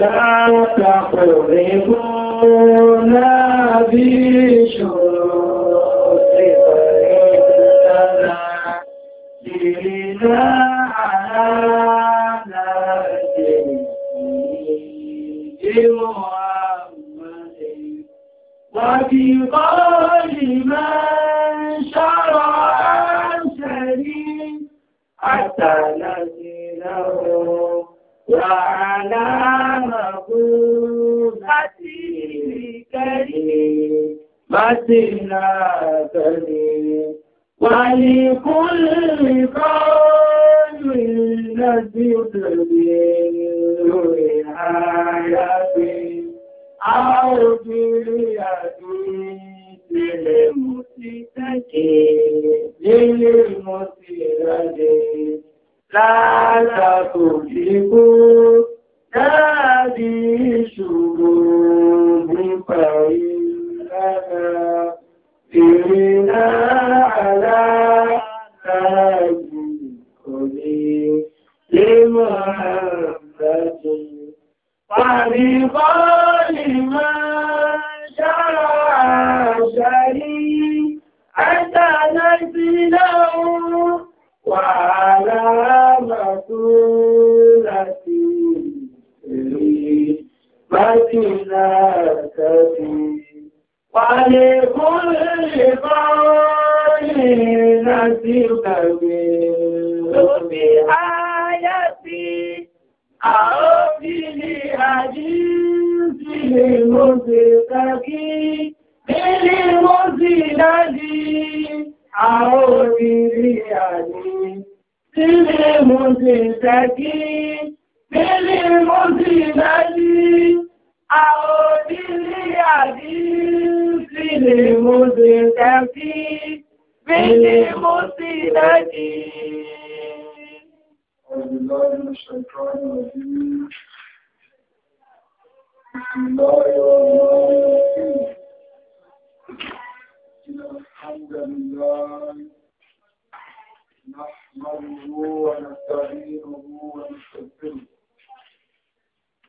لا تقربونا بشروط فإننا لنا على نفسه محمد وبقول من شرع سليم حتى نزله وعلى بسنا تلي ولكل قول الذي تدين حياتي أو دنياتي للمسيئة للمسيئة لا تتركوا هذه شروب فإننا سرنا على هذه لمحبة فبقال ما شاء شريعة نزله متنا كثير ولكل قائل نسيب بآيتي أو بحديث المستقيم للمزلل أو بحديث المستقيم Nílé mọ́sí ìdájí, àòdílé àdí sílè mọ́sí kẹfí, nílé mọ́sí ìdájí. الحمد لله نحمده ونستعينه ونستغفره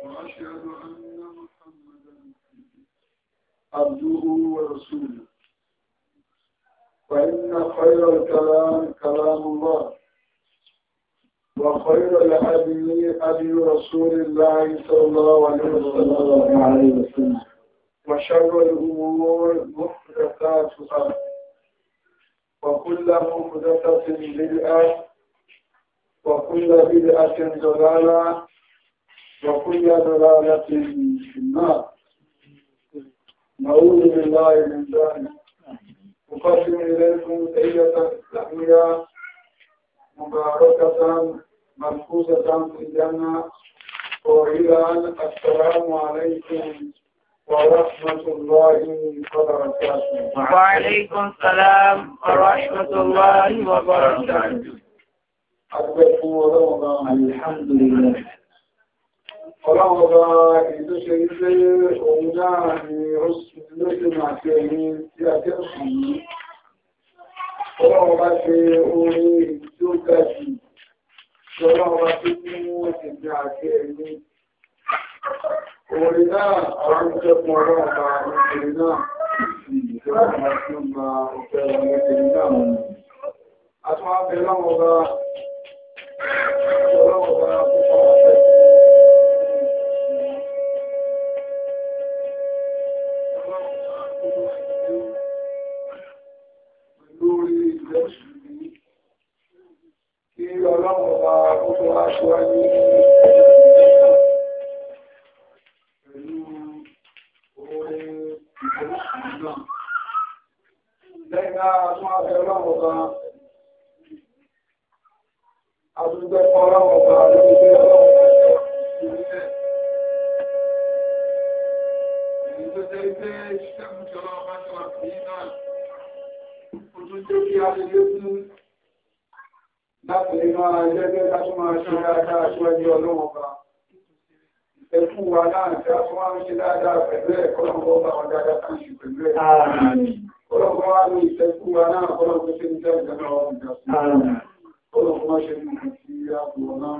وأشهد أن محمدا عبده ورسوله فإن خير الكلام كلام الله وخير الهدي هدي رسول الله صلى الله عليه وسلم وشر الأمور محدثاتها وكل محدثة بدعة وكل بدعة ضلالة وكل ضلالة في النار نعوذ بالله من ذلك أقسم إليكم سيدة تحية مباركة منفوسة في الجنة وإلى السلام عليكم ورحمة الله وبركاته وعليكم السلام ورحمة الله وبركاته الحمد لله Ọlọ́run ètò ṣe wípé òun náà ni ó sùn àti ẹ̀yìn tí a jẹ́ òsùn yìí. Ọlọ́run ṣe orin tí ó ga jù tí ọlọ́run mú ẹ̀yìn àti ẹ̀yìn. Orin náà àwọn ìjọpọ̀ ọlọ́run ọba orin náà ìjọba tí ó máa ọ̀fẹ́ náà. ọlọ́run bá gbogbo aṣíwájú pẹ̀lú orin ìgbésùn náà. Lẹ́yìn náà tún abẹ ọlọ́run bá àdúgbò ọlọ́run bá lórí pé ọlọ́run bá ti rí bẹ́ẹ̀. Èyí tó jẹ́ pé ṣíṣẹ́ mú ti ọlọ́run bá ti wà sí náà. Ó tún jẹ́ kí a lè lé fún láti lè máa jẹ́gẹ́ láti máa ṣe dáadáa síwájú ọlọ́wọ́ bá. Ẹkú wa náà tí a tún máa ń ṣe dáadáa pẹ̀lú ẹ̀ kọ́lọ̀mọ́ bá wọn dáadáa kan ṣe pẹ̀lú ẹ̀. Kọ́lọ̀mọ́ wá ní ìṣẹ́kú wa náà kọ́lọ̀mọ́ ṣe ń jẹ́ ìjọba ọ̀hún ìjọ sí. ṣe ń mú sí àpò náà.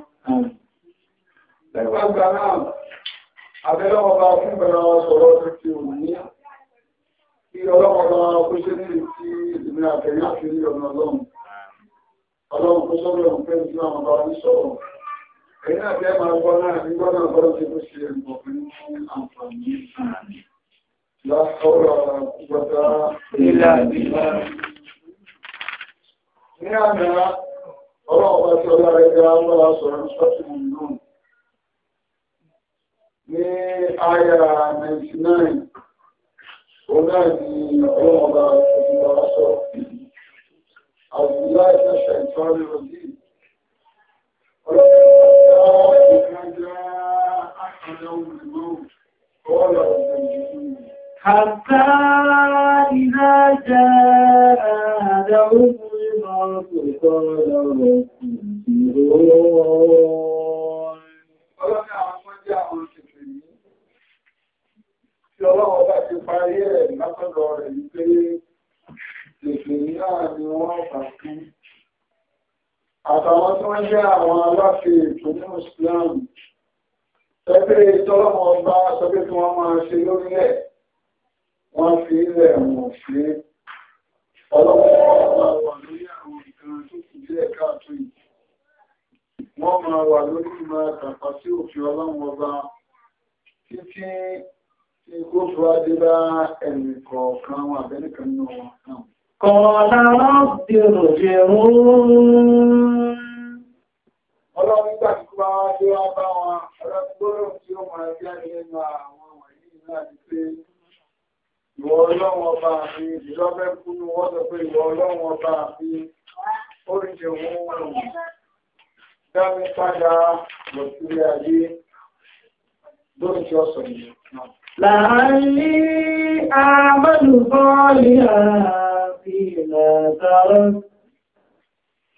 náà, ọlọ́run kó sọ́dọ̀ ọ̀hún pé nígbà wọn bá wọn sọ̀rọ̀ ẹ̀yìn àti ẹ̀ máa gbọ́ náà nígbà náà bọ́lá ti kó ṣe ẹ̀kọ́ fún àǹfààní àmì lásọ̀rọ̀ gbọ́dá ilé àdìgbà. ní àná ọlọ́run bá sọ lára ẹgbẹ́ àwọn aṣọ̀rọ̀ sọ́tìmù náà ní àyà 99 òun náà ni ọlọ́run bá sọ̀rọ̀ أعوذ بالله من الشيطان الرجيم ولما جاء أحدهم الموت قال حتى إذا جاء أحدهم الموت قال رب Tí ọlọ́wọ́ bá ti parí ẹ̀ látọ̀dọ̀ rẹ̀ ní pé lèfèrí náà ni wọ́n bá kú àtàwọn tí wọ́n jẹ́ àwọn aláfẹ́ ètò ní Islam ẹgbẹ́ ìtọ́lọ́mọ ọba sọ pé kí wọ́n máa ṣe lórílẹ̀ wọ́n fi ilẹ̀ wọ̀n ṣe ọlọ́wọ́ ọba wà lórí àwọn ìkan tó kù díẹ̀ káàtó yìí wọ́n máa wà lórí máa tàpá sí òfin ọlọ́run ọba títí tí kó fún adébá ẹnì kọ̀ọ̀kan wọn àbẹ́nìkan قال رب ارجعون Ọlọ́run gbà tí bá wá tí wá pé ìwọ ọlọ́run ọba àfi ìlọ́bẹ́ kúnnú wọ́n sọ Dámi padà lọ sílé ayé lórí tí ó sọ yìí. Làálí àmọ́lùbọ́ọ̀lì àá. فيما تركت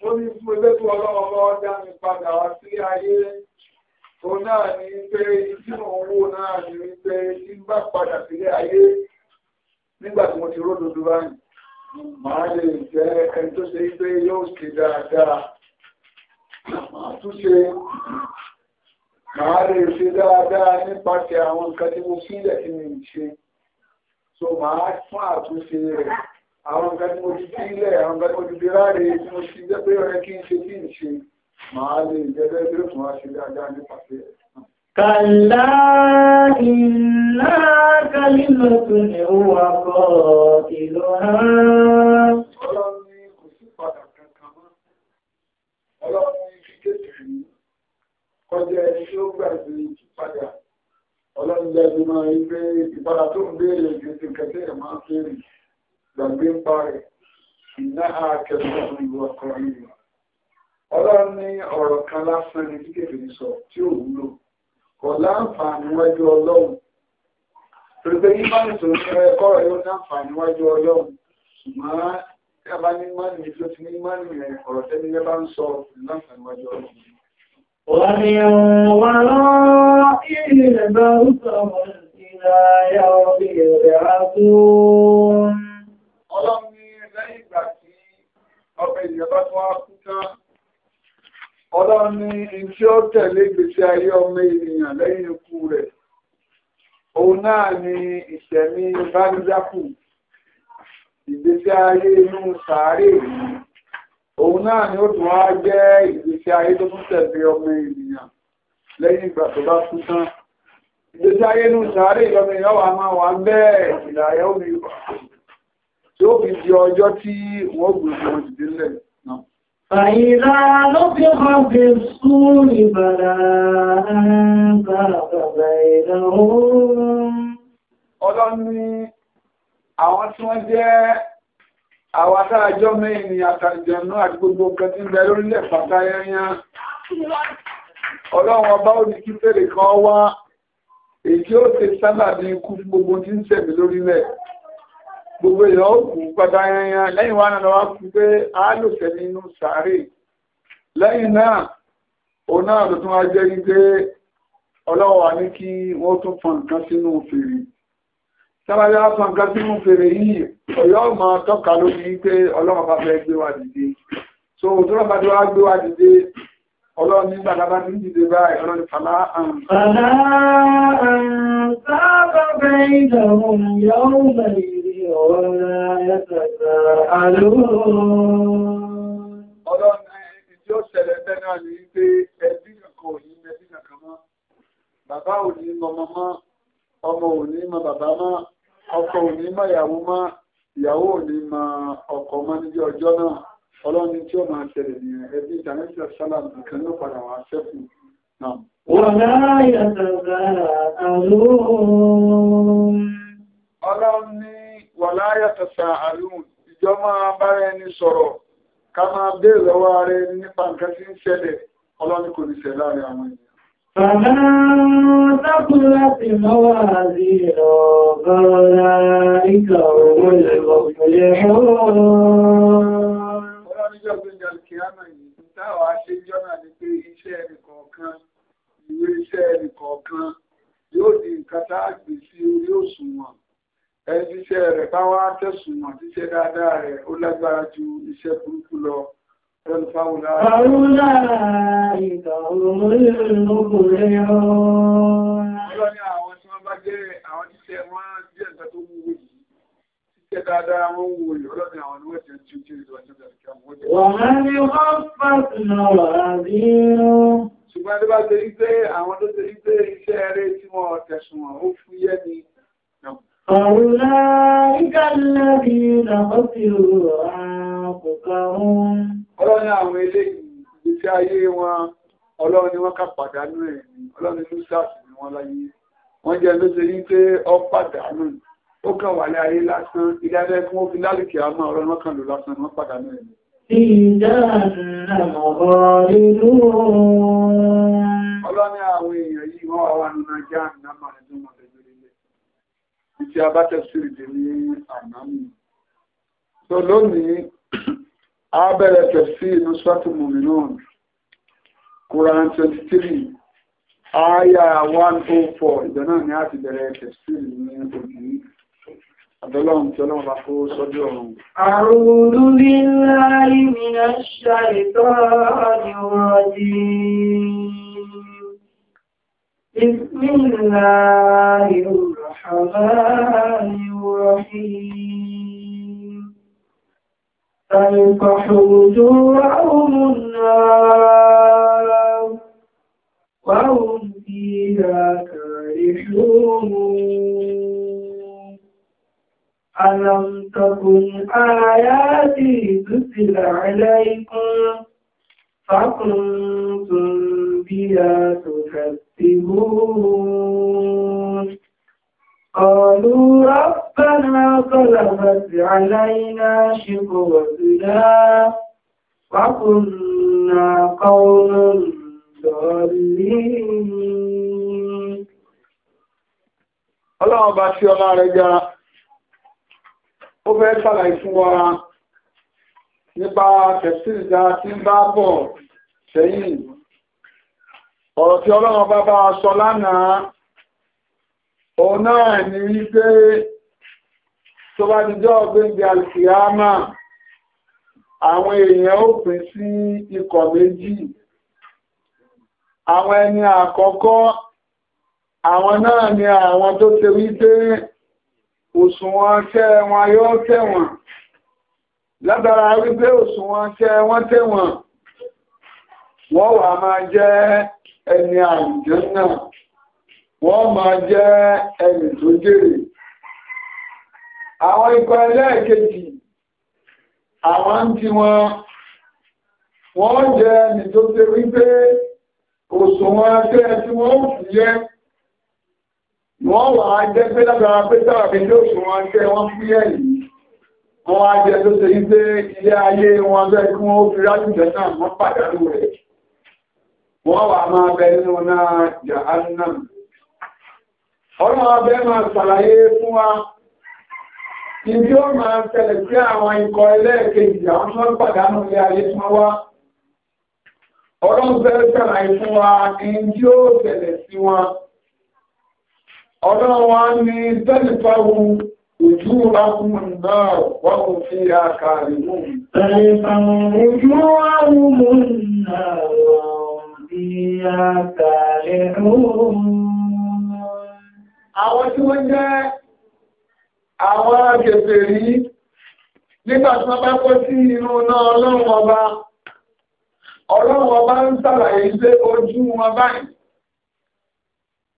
ó ní fún ilé tó ọlọ́wọ́ lọ́wọ́ dá mi padà wá sí ayé tó náà ní pé tí mò ń wò náà ní wípé tí ń bá padà sílé ayé nígbà tí mo ti ró dodo báyìí màá lè jẹ́ ẹni tó ṣe pé yóò ṣe dáadáa màá tún ṣe màá lè ṣe dáadáa nípasẹ̀ àwọn nǹkan tí mo sílẹ̀ tí mi ń ṣe so màá fún àtúnṣe rẹ̀ àwọn nǹkan tí mo ti fi ilẹ̀ àwọn nǹkan tí mo ti fi ráre tí mo ti jẹ́ pé ọ̀rẹ́ kí n ṣe kí n ṣe màá lè jẹ́ bẹ́ẹ̀ bí ó tún wá ṣe dáadáa nípasẹ̀ ẹ̀. Kàlá iná kálímọ̀tún ni ó wà kọ́ ìlú Ọlọ́run ní kò sí padà kankan mọ́. Ọlọ́run ní fi kéde rí. Kọjá ẹni tí ó gbà sí ìpadà. Ọlọ́run jẹ́ ti máa ń gbé ìpadà tó ń béèrè ìgbésí kẹtẹ́ máa ń fẹ́ràn gbàgbé ń pa rẹ̀ iná akẹ́kọ̀ọ́ ìwà kan ìwà ọlọ́run ní ọ̀rọ̀ kan lásán ní kíkèfè ní sọ tí ò wúlò kò láǹfààní wájú ọlọ́run pẹ̀lú ìmánì tó ń fẹ́ kọ́rọ̀ yóò láǹfààní wájú ọlọ́run ṣùgbọ́n yàbá ní ìmánì ní tó ti ní ìmánì rẹ̀ ọ̀rọ̀ tẹ́ni yẹ́ bá ń sọ láǹfààní wájú ọlọ́run ومن ورائه البوث والإلى يوم يبعثون ọlọ́run ní lẹ́yìn ìgbà tí ọmọ ènìyàn bá tún wá kú tán ọlọ́run ní tí ó tẹ̀lé ìgbésí ayé ọmọ ènìyàn lẹ́yìn ikú rẹ̀ òun náà ni ìṣẹ̀mí bánijákù ìgbésí ayé inú sàárè òun náà ni ó tún wá jẹ́ ìgbésí ayé tó tún tẹ̀lé ọmọ ènìyàn lẹ́yìn ìgbà tó bá kú tán ìgbésí ayé inú sàárè ìlọ́mọ ènìyàn wà máa wà ń bẹ́ẹ̀ ìlàyẹ̀ omi tí ó fi di ọjọ́ tí wọ́n gbogbo wọn dìde lẹ̀ náà. Fàyílá ló fi hàn fi sún ìbàdà àgbà bàbá ìlà oòrùn. Ọlọ́run ní àwọn tí wọ́n jẹ́ àwọn atájọ́ mẹ́rin àtàjọ̀nú àti gbogbo nǹkan tí ń bẹ lórílẹ̀ pàtà ẹ̀yán. Ọlọ́run ọba ó ní kí fèrè kan wá èyí tí ó ti sábà ní ikú fún gbogbo tí ń ṣẹ̀mí lórílẹ̀ gbogbo èèyàn ó kú padà yanyan lẹ́yìn wa náà wá kú pé a lò tẹ̀ nínú sàárè lẹ́yìn náà òun náà ló tún wá jẹ́ ní pé ọlọ́wọ́ wa ní kí wọ́n tún fọn nǹkan sínú fèrè sábàjá fọn nǹkan sínú fèrè yìí ọ̀yọ́ ọmọ tọ́ka lórí pé ọlọ́wọ́ bá fẹ́ gbé wa dìde so òtúrọ̀ bá ti wá gbé wa dìde ọlọ́run nígbà lábá ní ìdíje báyìí ọlọ́run fàlá àrùn. fàlá àrùn sábà bẹ́ẹ̀ ìdàrùn yóò bẹ̀rẹ̀ ولا يتساءلون Ọlọ́run ẹni tí ó ṣẹlẹ̀ bẹ́ẹ̀ náà ní pé ẹbí kankan ò ní ẹbí kankan mọ́. Bàbá ò ní mọ ọmọ mọ́, ọmọ ò ní mọ bàbá mọ́, ọkọ ò ní mọ ìyàwó mọ́, ìyàwó ò ní mọ ọkọ mọ́ níbi ọjọ́ náà. Ọlọ́run tí ó máa ṣẹlẹ̀ ní ẹbí ìdánilẹ́sẹ̀ wàlá yàtọ̀sà àlùm ìjọ máa bára ẹni sọ̀rọ̀ ká máa béèrè lọ́wọ́ ààrẹ nípa nǹkan tí ń ṣẹlẹ̀ ọlọ́ni kò ní ṣẹlẹ̀ láàrin àwọn ìwé iṣẹ́ kọ̀ọ̀kan yóò di nǹkan tá orí òṣùwọ̀n. ẹni iṣẹ́ rẹ̀ bá wá tẹ̀sùnmọ̀ iṣẹ́ dáadáa rẹ̀ ó lágbára ju iṣẹ́ burúkú lọ pẹ̀lú fáwọlá. fáwọlá ìgbà olóòrùn Ọlọ́ni àwọn tí wọ́n bá jẹ́ àwọn iṣẹ́ wọn jẹ́ nǹkan tó wúwo yìí. Iṣẹ́ dáadáa wọ́n wúwo yìí, ọlọ́ni àwọn ni wọ́n jẹ́ ju jẹ́ ìjọba tó dàbí kí wọ́n jẹ́. Wàhálà ni wọ́n fàtìnà wà bí ṣùgbọ́n tó bá ṣe rí pé àwọn tó ṣe rí pé iṣẹ́ eré tí wọ́n tẹ̀sùn ó fúyẹ́ ni فأولئك الذين خسروا أنفسهم Ọlọ́run àwọn eléyìí ìgbésí ayé wọn, ọlọ́run ni wọ́n ká pàdánù ẹ̀ ni, ọlọ́run ni Lúsáàsì ni wọ́n láyé. Wọ́n jẹ́ ló ṣe rí pé ọ pàdánù, ó kàn wà ní ayé lásán, ilé abẹ́ fún ó fi lálùkì àmọ́ ọ̀rọ̀ wọn kàn lò lásán wọ́n pàdánù ẹ̀ ni. Ọlọ́run àwọn èèyàn yìí wọ́n wà wà nínú ajá àmì tí a bá tẹ̀síìrì dì ní ànámù. So lónìí, a bẹ̀rẹ̀ tẹ̀sí inú Sọ́tù Mùmìnàn, Quran 23, Aya 104, ìjọ náà ni a ti bẹ̀rẹ̀ tẹ̀síìrì ní òní. Àdọ́lọ́run tí ọlọ́run bá kó sọ́jú ọ̀run. A'udhu billahi minash shaitanir rajim. بسم الله الرحمن الرحيم تلفح وجوههم النار وهم فيها كارحون ألم تكن آياتي تتل عليكم فكنتم بها تكذبون يكسبون قالوا ربنا غلبت علينا شقوتنا وكنا قوما ضالين Ọlọ́run bá ṣe ọlá rẹ̀ jára, ó fẹ́ ṣàlàyé fún wa nípa tẹ̀sí ìdá tí ń bá bọ̀ sẹ́yìn ọ̀rọ̀ tí ọlọ́run bá bá sọ lánàá o náà ní wípé tó bá ti jọ́ ọ̀gbẹ́gbẹ́ alìsìyámà àwọn èèyàn ó pín sí ikọ̀ méjì àwọn ẹni àkọ́kọ́ àwọn náà ni àwọn tó ṣe wípé òṣùwọ̀n tẹ́ wọn yóò tẹ̀wọ̀n lágbára wípé òṣùwọ̀n tẹ́ wọn tẹ̀wọ̀n wọ́n wà máa jẹ́ ẹni àìjẹ́ náà wọ́n máa jẹ́ ẹni tó jèrè àwọn ikọ̀ ẹlẹ́ẹ̀kejì àwọn ń tí wọn wọ́n jẹ́ ẹni tó ṣe wípé òṣùwọ̀n ẹgbẹ́ tí wọ́n fi yẹ wọ́n wà á jẹ́ pé lágbára pé sáàbí ní òṣùwọ̀n ẹgbẹ́ wọ́n fi yẹ yìí wọ́n á jẹ́ tó ṣe wípé ilé ayé wọn bẹ́ẹ̀ kí wọ́n fi rájùjẹ náà wọ́n pàdánù rẹ̀ wọ́n wà máa bẹ nínú náà jahannam ọlọ́run abẹ́ máa ṣàlàyé fún wa ibi ó máa tẹ̀lẹ̀ sí àwọn ikọ̀ ẹlẹ́ẹ̀kejì àwọn tó ń pàdánù ilé ayé tí wọ́n ọlọ́run fẹ́ ṣàlàyé fún wa ibi ó tẹ̀lẹ̀ sí wọn ọlọ́run wa ní إياك لعون àwọn tí wọ́n jẹ́ àwọn agbègbè rí nígbà tí wọ́n bá kọ́ sí inú náà ọlọ́run ọba ọlọ́run ọba ń sàlàyé pé ojú wọn báyìí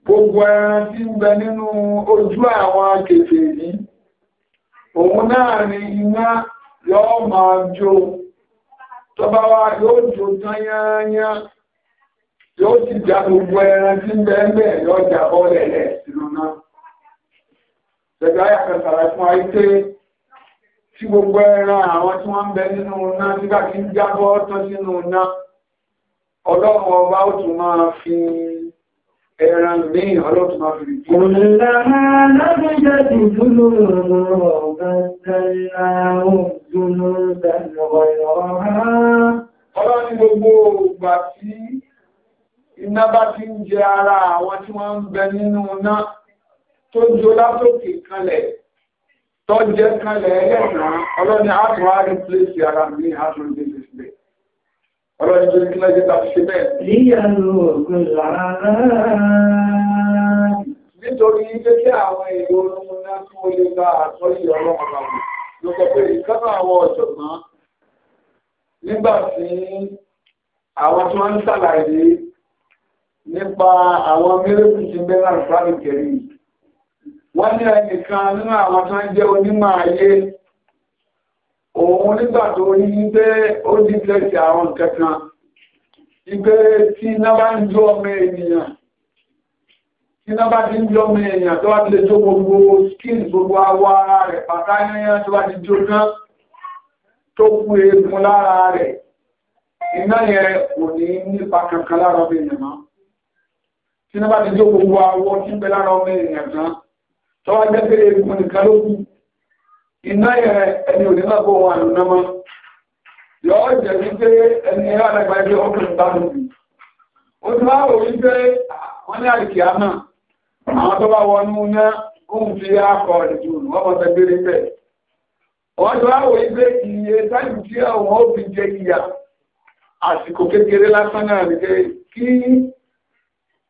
gbogbo ẹran tí ń bẹ nínú ojú àwọn agbègbè rí òun náà ni iná yóò máa jó tó bá wá yóò jó tán yányán yóò ti já gbogbo ẹran tí ń bẹ́ẹ̀ bẹ́ẹ̀ yóò já bọ́ọ̀lẹ̀ lẹ̀ sínú náà. Ṣẹ̀dá yàtọ̀ sàrẹ̀ fún ayé pé tí gbogbo ẹran àwọn tí wọ́n ń bẹ nínú náà nígbà tí ń jábọ́ tán sínú náà. Ọlọ́run ọba ó tún máa fi ẹran ní ọlọ́tún máa fi rí jù. Òlàmà lábẹ́jẹ́ ti dúró lọ́rọ̀ ọ̀gá ó dúró tẹ́lá ọ̀rọ̀ Ọlọ́run gbogbo ìgbà tí iná bá ti ń jẹ ara àwọn tí wọ́n ń bẹ nínú iná tó jó látòkè kanlẹ̀ tó jẹ́ kanlẹ̀ ẹlẹ́sàn ọlọ́ni àtúwá rí pléṣì ara mi àtúwá rí pléṣì bẹ́ẹ̀ ọlọ́ni tó kí lọ́jọ́ tàbí ṣe bẹ́ẹ̀. níyàwó ògùn lára nítorí pé kí àwọn èrò ọlọ́run náà kí wọ́n lè gba àtọ́sí ọlọ́run ọba wò ló sọ pé ìkánná àwọn ọ̀jọ̀gbọ́n nígbà nípa àwọn mẹ́rẹ́kù ti bẹ́rẹ̀ àrùfáàlì kẹrì wọ́n ní ẹnìkan nínú àwọn tó ń jẹ́ onímọ̀ ayé òun nígbà tó ní pé ó di tẹ̀sí àwọn kankan ìgbé tí iná bá ń jó ọmọ ènìyàn tó bá ti lè jó gbogbo skin gbogbo awọ ara rẹ̀ pàtà yányán tó bá ti jó náà tó kú eegun lára rẹ̀ iná yẹn kò ní nípa kankan lára ọmọ ènìyàn tí wọ́n bá ti jó gbogbo awọ tí ń bẹ lára ọmọ èèyàn kan tó wá jẹ́ pé egun nìkan ló kù iná yẹn ẹni òní náà kó wọn àlùná mọ́ yọ̀ọ́ jẹ́ wípé ẹni ẹ̀rọ àdàgbà ẹgbẹ́ ọkùnrin bá mi bì ó ti wá wò wípé wọ́n ní àdìkì àmà àwọn tó bá wọnú náà kóhùn fi akọ ìdìbò wọ́n mọ̀ sẹ́ gbére bẹ́ẹ̀ wọ́n ti wá wò wípé iye táìpù tí àwọn ó fi ìyà àsìkò kékeré lásán náà nìkẹ́ kí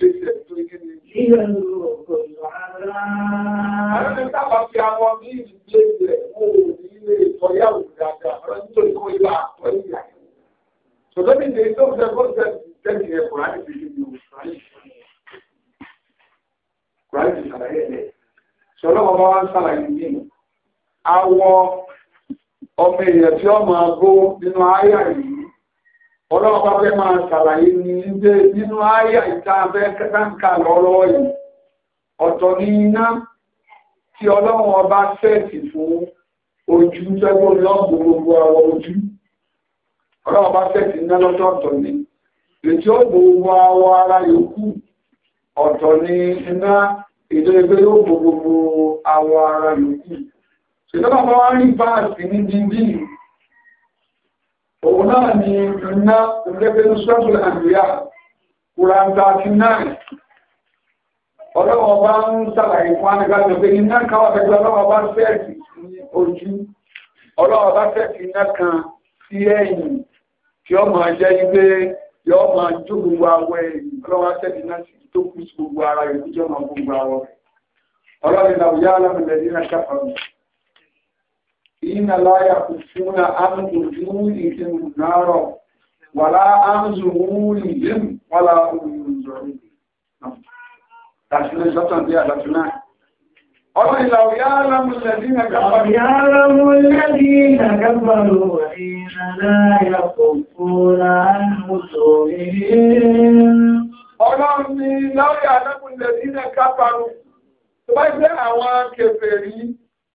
ìgbésẹ̀ tó ní kíni. Àwọn ẹni tábà fi àwọn ní ìgbésẹ̀ wo nílé ìtọ́yàwó dáadáa, ọ̀rọ̀ nítorí kó ibà àtọ́ ìyá. Sọ̀tọ́ mi lè tó fẹ́ kó fẹ́ tẹ́lẹ̀ yẹn Kùránì fi ṣe ìlú Kùránì fi ṣàlàyé ẹ̀. Sọ̀rọ̀ bàbá wa ń ṣàlàyé yìí. Awọ ọmọ èèyàn tí ọmọ agbó nínú àyà yìí. ọlọ́ọ̀bá fẹ́ máa ṣàlàyé ní ilé nínú àyà ìtafẹ́ kẹtàǹkà lọ́rọ̀ yìí ọ̀tọ̀ ní iná tí ọlọ́run ọba sẹ́ẹ̀tì fún ojú tẹ́gbọ́n gbogbo àwọn ojú ọlọ́run ọba sẹ́ẹ̀tì iná ètí ó gbogbo àwọn ara yòókù ọ̀tọ̀ ní iná ètò ẹgbẹ́ yóò òun náà ni iná ìrẹ́gbẹ́ ní sọ́tù àmìyà kùrántà àti náà ọlọ́wọ́ bá ń sàlàyé fún anigbájọ pé iná káwà pẹ̀lú ọlọ́wọ́ bá fẹ́ẹ̀kì ní ojú ọlọ́wọ́ bá fẹ́ẹ̀kì iná kan sí ẹ̀yìn tí ó máa jẹ́ ilé yóò máa jó gbogbo awọ ẹ̀yìn ọlọ́wọ́ fẹ́ẹ̀kì iná sí tó kú sí gbogbo ara ìlú jọ́ máa gbogbo awọ ọlọ́rin إن لا يكفون أن وجوههم نارا ولا عن ظهورهم ولا هم ينظرون تحسين سطن دي على تنان قل لو يعلم الذين كفروا يعلم الذين كفروا حين لا يكفون عن وجوههم Ọlọ́run ni láwọ́ ìyàlẹ́kùn lè ní ẹ̀ká parun, tó bá jẹ́ àwọn kèfèrí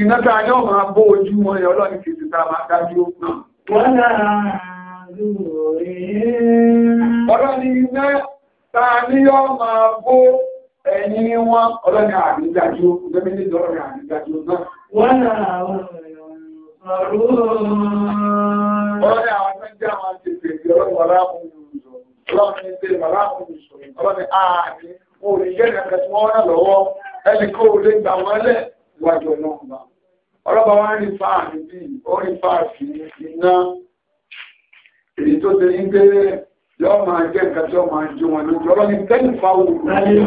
iná tá a yọ́ máa bó ojú wọn yọ lọ́nà kìí ta máa dájú wọ́n ọlọ́ni iná tá a ní yọ́ máa bó ẹ̀yìn wọn ọlọ́ni àrídájú gẹ́gẹ́ ní ọlọ́ni àrídájú náà wọ́n ọlọ́ni àwọn tó jẹ́ àwọn ti fèsì ọlọ́ni wàlá ọlọ́ni tí wàlá ọlọ́ni ààrin orí yẹ́ iwájú ọlọ́run bá ọlọ́ba wá rí fáàrí bí ó rí fáàrí iná èyí tó ti ń gbé yọ́ máa jẹ́ nǹkan tí ó máa jí wọn lójú ọlọ́ ni tẹ́lì fáwọn olùrù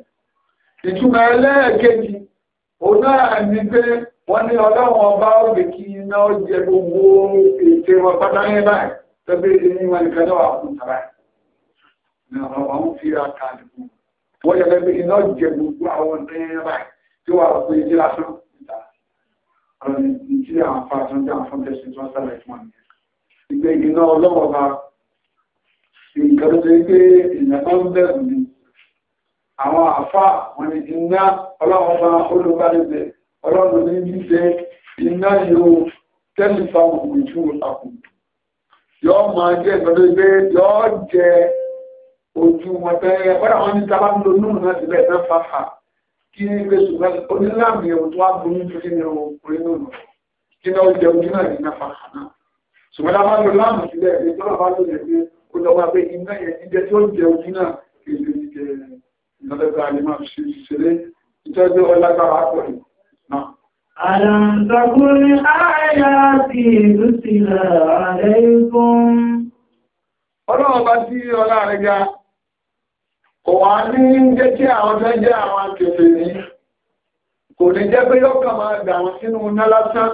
ìtumọ̀ ẹlẹ́ẹ̀kejì òun náà ní pé wọ́n ní ọlọ́run ọba òbí kí iná jẹ gbogbo ètè wọn pátá ní báyìí tẹ́bí ní wọn nìkan náà wà fún tàbá ní ọ̀rọ̀ wọn fi ra káàdì fún wọ́n yẹ lẹ́bí iná jẹ gbogbo àwọn ní báyìí tí wọ́n fún ìdí lásán níta ọ̀rọ̀ ní tí àwọn afárasán jẹ́ àwọn fọ́ńtẹ́sì tí wọ́n ní àwọn àfá wọn ni iná ọlọ́run bá olùbárẹ̀bẹ̀ ọlọ́run ní wípé iná yóò tẹ́lifà òkùnjú àkùn yọ́ máa jẹ́ ìgbàlódé pé yọ́ jẹ ojú wọn tẹ́lẹ̀ wọ́n àwọn ní tábà ń lo núùnù náà sílẹ̀ náà fàfà kí ní ilé ṣùgbọ́n onílàmì ẹ̀wọ̀n tó wá burú tó kí ni ọkùnrin náà kí ní ọjọ́ ojú náà ní náà fàfà náà ṣùgbọ́n tábà ń láàmù sílẹ̀ èyí tó náà bá lò lẹ́gbẹ́ ó lọ́wọ́ pé iná yẹn jíjẹ tí ó jẹ ojú náà kì í ṣe jíjẹ lọ́dọ̀dọ̀ àlèmọ̀ sí ṣeré ìtọ́jú ọlágbára ààyà ti ìlú sílẹ̀ ààrẹ ikún. Ọlọ́run bá tí ọlá rẹ̀ ga, kò wá ní jẹ́ kí àwọn tó àwọn akẹfẹ́ kò ní jẹ́ pé yóò kàn máa gbà wọn sínú iná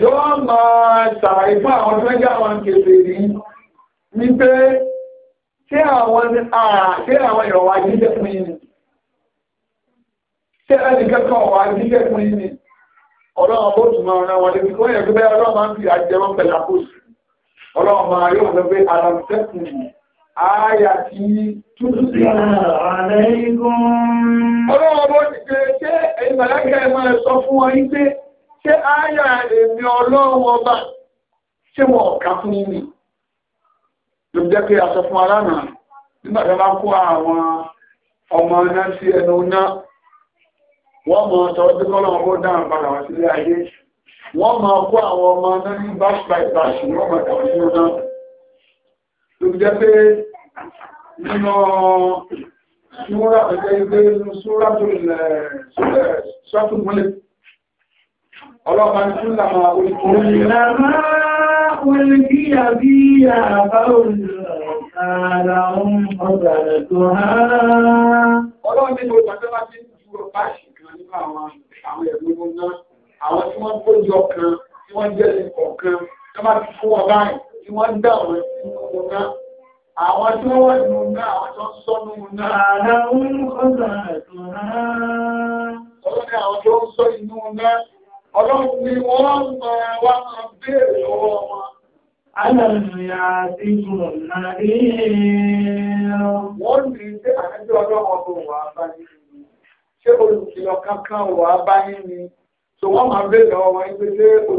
Yóò máa ṣé àwọn ṣé àwọn èèyàn wá jíjẹ́ fún yín ni ṣé ẹnì kẹ́kọ̀ọ́ wá jíjẹ́ fún yín ni ọlọ́run bó tún máa rán wọn lébi kó yẹ pé ọlọ́run máa ń fi àjẹmọ́ pẹ̀lú àkóso ọlọ́run máa yóò fẹ́ pé àlàmùsẹ́kùn ààyà tí tútù sí àlẹ́gùn ọlọ́run bó ti pé ṣé ẹ̀yìn màláìkà ẹ̀ máa sọ fún wọn yí pé ṣé ààyà èmi ọlọ́run ọba ṣé ló jẹ́ pé aṣọ fún aláàmà nígbàtà bá kó àwọn ọmọ náà sí ẹnu náà wọ́n mọ̀ tọ́wọ́ tí kọ́lọ̀ ọmọ dáhùn padà wá sílé ayé wọ́n mọ̀ kó àwọn ọmọ náà ní bash by bash wọ́n mọ̀ tàwọn sí náà ló jẹ́ pé nínú súnra tó jẹ́ pé nínú súnra tó lẹ̀ eh, sọ́tún múlẹ̀ ọlọ́pàá ní ألقي فيها فوزا كان لهم حضرتها Ọlọ́run nínú ìgbàjọ́ láti ṣúrọ̀ báṣì kan nípa àwọn àwọn ẹ̀gbọ́n náà, àwọn tí wọ́n kó jọ kan, tí wọ́n jẹ́ ẹ̀kọ̀ọ̀kan, tó bá ti fún wọn báyìí, tí wọ́n dá wọn sí ọmọ náà. Àwọn tí wọ́n wà nínú náà, àwọn tó ń sọ́nù náà. Àdáwọn ọ̀sán ẹ̀tọ́ náà. Ọlọ́run àwọn tó ń sọ inú náà. Ọlọ́run ni wọ́n máa wá máa béèrè lọ́wọ́ wọn. Alàmìyà ti jùlọ náà rí Wọ́n ní pé àjọ ọlọ́run ọgbọ̀n wà bá ní ni. Ṣé olùkìlọ̀ kankan wà bá ní náà. Wọ́n ní ìjẹ́gbọ́n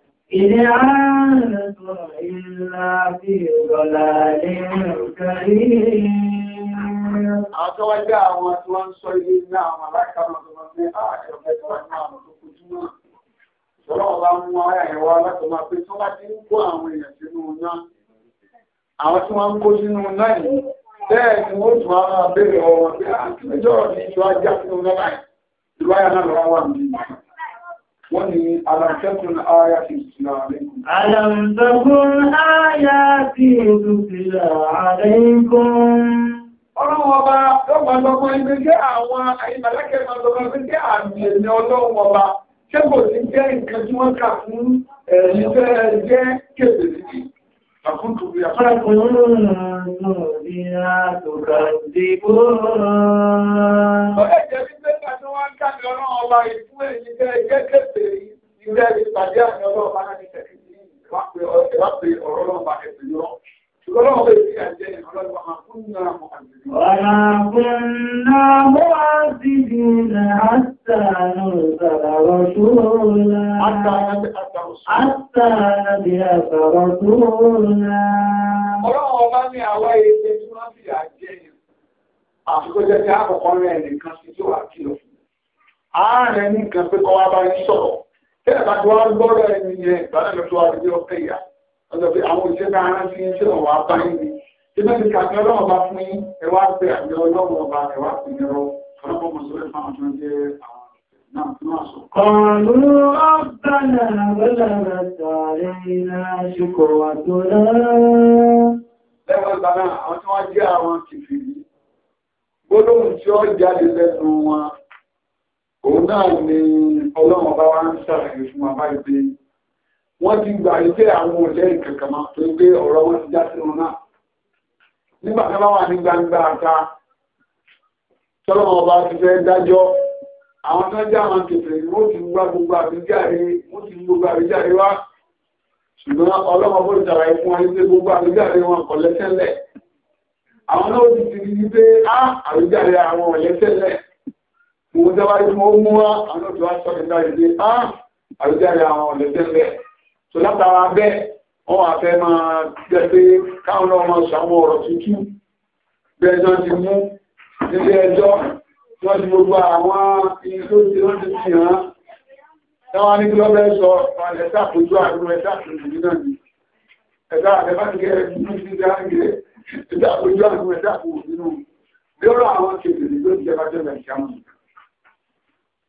إلعانة إلا في ضلال كريم àwọn tí wọ́n ń kó sínú náà. yìí, bẹ́ẹ̀ ni wọ́n tún á máa ọwọ́ bí i àti méjọ́ ní ìlú ajá sínú náà láì. Ìlú ayá náà lọ́wọ́ wà ní ìgbà wọ́n ni alamtakun aya ti ìsìnà àríkùn. alamtakun aya ti ìsìnà àríkùn. ọlọ́run ọba lọ́gbàgbọ́gbọ́ ibi jẹ́ àwọn àìmọ̀lẹ́kẹ̀ẹ́ lọ́gbàgbọ́ jẹ́ àmì ẹ̀mí ọlọ́run ọba ṣé kò sí jẹ́ nǹkan tí wọ́n kà fún ẹ̀yìn fẹ́ jẹ́ kéde sí Àkúntùbí àkọ́lẹ̀kùn lóòrùn náà bí a tó kà dìbò. Ọ̀rẹ́ ìjẹ́bí jáde ọlọ́run ọba ìfún ẹ̀yìn jẹ́ ìgbẹ́kẹ̀sẹ̀ ìrẹ́ ìpàdé àmì ọlọ́run ọba náà ní tẹ̀sí ìwápẹ̀ ọ̀rọ̀ ọlọ́run ọba ẹ̀sìn lọ. ṣùgbọ́n ọlọ́run ọba ìfún ẹ̀jẹ̀ ọlọ́run ọba fún náà mọ̀ àjẹ́. ọ̀rọ̀ àkùnà mọ́ àzìbì náà àtàlù sàrọ̀ ṣúrọ̀lá. àtàlù bí àsàrọ̀ ṣúrọ̀lá. ọlọ́run ọba ní àwa èdè tí wọ́n fi àjẹ́ yẹn. àfikọ́jẹ́ tí a kọ̀kọ́ rẹ̀ nìkan sí tó wà kí lọ fún ààrẹ ní nǹkan pé kọ́ wá bá yín sọ̀rọ̀ tẹ́lẹ̀ bá tó wá gbọ́rọ̀ ẹni yẹn ìbálẹ̀ lọ́tọ́ wá gbé ọ̀pẹ́ ìyá ọjọ́ pé àwọn òṣìṣẹ́ náà rán sí iṣẹ́ wọn wá bá yín ni tí bẹ́ẹ̀ ti kàmí ọlọ́run bá fún yín ẹ wá pé àmì ọlọ́run ọba ẹ wá pè ní ọ̀rọ̀ ọlọ́pọ̀ mọ̀sọ̀rọ̀ fáwọn tó ń jẹ́ àwọn قالوا ربنا بلغت علينا شكوتنا Lẹ́wọ̀n ìgbà náà, àwọn tí wọ́n jẹ́ àwọn kìfìrí, gbólóhùn tí ó jáde lẹ́nu wọn òun náà ni ọlọ́run bá wá ń ṣàlàyé fún wa báyìí pé wọ́n ti gbà ilé àwọn òlẹ́ ìkẹ̀kẹ̀ máa tó gbé ọ̀rọ̀ wọn ti já sí wọn náà nígbà tó bá wà ní gbangba àta tọ́lọ́mọ ọba ti fẹ́ dájọ́ àwọn tó ń jẹ́ àwọn kèfèrè ni wọ́n ti gbá gbogbo àbíjáre wọ́n ti gbogbo àbíjáre wá ṣùgbọ́n ọlọ́mọ bó ti ṣàlàyé fún wa ní pé gbogbo àbíjáre wọn kò lẹ́sẹ̀lẹ̀ àwọn náà ti ti di pé á àbíjáre àwọn ò lẹ́sẹ̀lẹ̀ Mo jẹ́ wáyé mọ́ mú wá ah, àwọn òjò wá sọ́kẹ̀ dá ìdí áà àrùjáre àwọn ọ̀lẹ́jẹ́ bẹ́ẹ̀. So látara bẹ́ẹ̀, wọ́n wà fẹ́ máa jẹ́ pé káwọn náà máa sọ àwọn ọ̀rọ̀ tuntun. Bẹ́ẹ̀ náà ti mú nílé ẹjọ́, wọ́n ti gbogbo àwọn iye tó ti rántí sí hàn. Táwọn ní kí lọ́ bẹ́ẹ̀ sọ, ẹ̀sà àpòjú àrùn ẹ̀sà àpòjú náà ni. Ẹ̀sà àtẹ́fà ń gẹ́ ẹ̀sà àpòjú àrùn ẹ̀sà àpòjú nínú. Bí ó rọ àwọn kèfèrè ló ti jẹ́ bá jẹ́ bẹ̀rẹ̀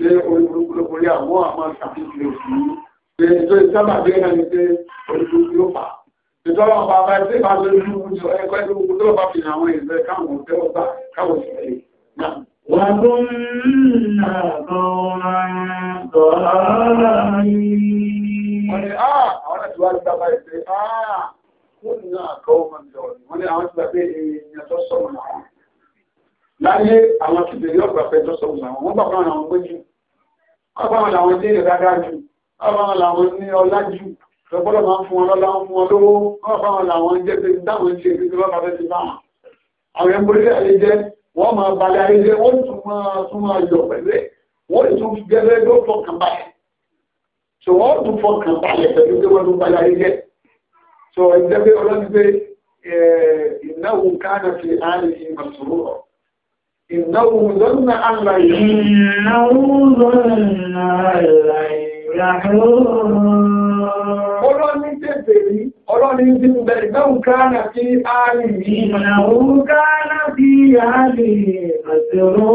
pé orí burúkú ló borí àwọn àmọ́ àṣàkóso òsì pé ètò ìsábà bí ẹ̀rọ ni pé orí burúkú ló fà. ètò ọlọ́run bá bá ẹgbẹ́ bá lórí burúkú ẹ̀kọ́ ẹgbẹ́ burúkú tó bá fi hàn àwọn ìfẹ́ káwọn ọ̀fẹ́ ọba káwọn ìfẹ́ náà. "Ah, àwọn ẹ̀tùwà ìgbàmà ìfẹ́, ah, kúnnà قَوْمًا ni àwọn ti gbàgbé èèyàn tó sọ̀rọ̀ náà. Láyé àwọn kìbèrè ọgbàfẹ́ tó sọ̀rọ̀ náà, wọ́n ọgbọ́n làwọn ní ìrẹ́gá jù ọgbọ́n làwọn ní ọlá jù lọ́gbọ́dọ̀ máa ń fún wọn lọ́lá ń fún wọn lówó ọgbọ́n làwọn jẹ́ pé dáwọn ṣe ìrìn lọ́pàá fẹ́ ti bá wọn àwọn ẹgbẹ́rẹ́ ayé jẹ́ wọ́n máa balẹ̀ ayé jẹ́ wọ́n tún máa tún máa yọ pẹ̀lẹ́ wọ́n tún gẹ́gẹ́ ló fọkàn balẹ̀ so wọ́n tún fọkàn balẹ̀ pẹ̀lú pé wọ́n tún balẹ̀ ayé so ẹgbẹ́ pé ọlọ́dún pé ìnáwó kánà إنه ظن أن لا إنه ظن أن لا يحور Ọlọ́ni tètè rí, ọlọ́ni ti ń bẹ ìgbẹ́hùn káàrà sí ààrì rí. Ìmọ̀nàwó káàrà sí ààrì àtẹ̀rọ.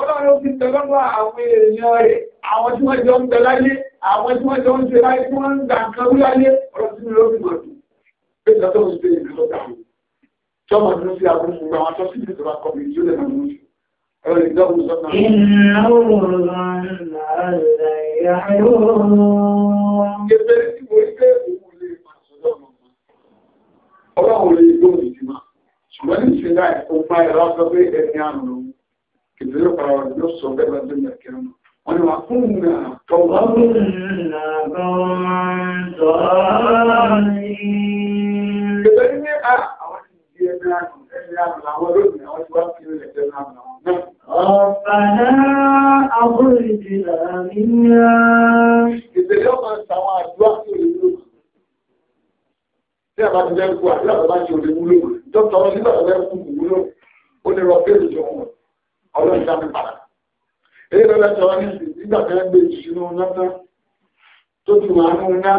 Ọlọ́ni ó ti tẹ̀lọ́gbà àwọn èèyàn rẹ̀, àwọn tí wọ́n jọ ń bẹ láyé, àwọn tí wọ́n jọ ń ṣe láyé tí wọ́n ń gbà kan láyé, ọlọ́ni tọ́mọ̀ tó sí àkóso gbogbo àwọn tọ́sí ní ìjọba kọ̀bí tí ó lè máa mú jù ẹ̀rọ ìjọba sọ́nà. Ìgbẹ́rẹ́ tí mo rí pé òun lè máa sọ́dọ̀ Ọlọ́run lè gbóhùn ìdímà. Ṣùgbọ́n ní ìṣẹ̀lá ẹ̀kọ́ máa ẹ̀rọ sọ ẹni àrùn Kìtìlẹ̀ Ọ̀pàá àbúrìdìlà níyà. Ìbẹ̀rẹ̀ ọmọ ìsàwọn àdúrà tó lè lò. Tí a bá ti lẹ́kùn àdúrà tó bá ṣe olè múlò, dọ́kítọ̀ ọmọ nígbà tó lẹ́kùn múlò, ó lè rọ fẹ́rẹ̀ jọ wọn, ọlọ́rin dámi padà. Èyí lọ́lá sọ ní ìgbà tó ìṣúná náà tó ti wà nínú náà,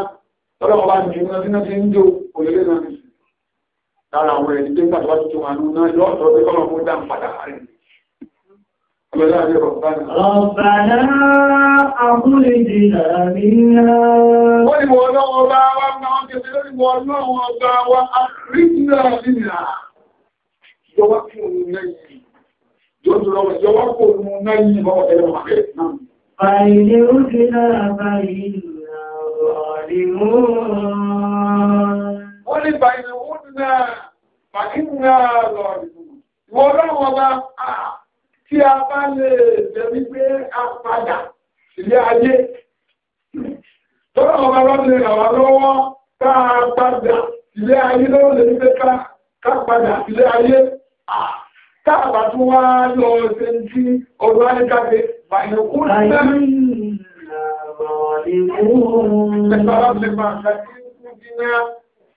lára àwọn ẹni pé nígbà tó bá tuntun àánú náà yọ ọ̀tọ̀ pé kọ́lọ̀ mú dáhùn padà rẹ̀. Ọ̀bàdá àbúrìdìlà ní ààrẹ. Ó ní wọ́n lọ́wọ́ wọ́n kẹfẹ́ wọ́n lọ́wọ́ bá wá àríkìlà nínà. Jọwọ́ kí òun lẹ́yìn. Jọwọ́ kò òun lẹ́yìn bọ́ náà àríbà ilẹ̀ òun náà fàkínà lọ ìwọ ọlọ́wọ́ bá tí a bá lè jẹ́ wípé a padà ilé ayé tọ́lọ́wọ́ bá bá lè ràwà lọ́wọ́ tá a padà ilé ayé lọ́wọ́ lè wípé ká padà ilé ayé táàbà tún wá lọ ṣe ń tí ọdún ayékáfẹ́ bàyẹ̀kú náà Ìgbàlá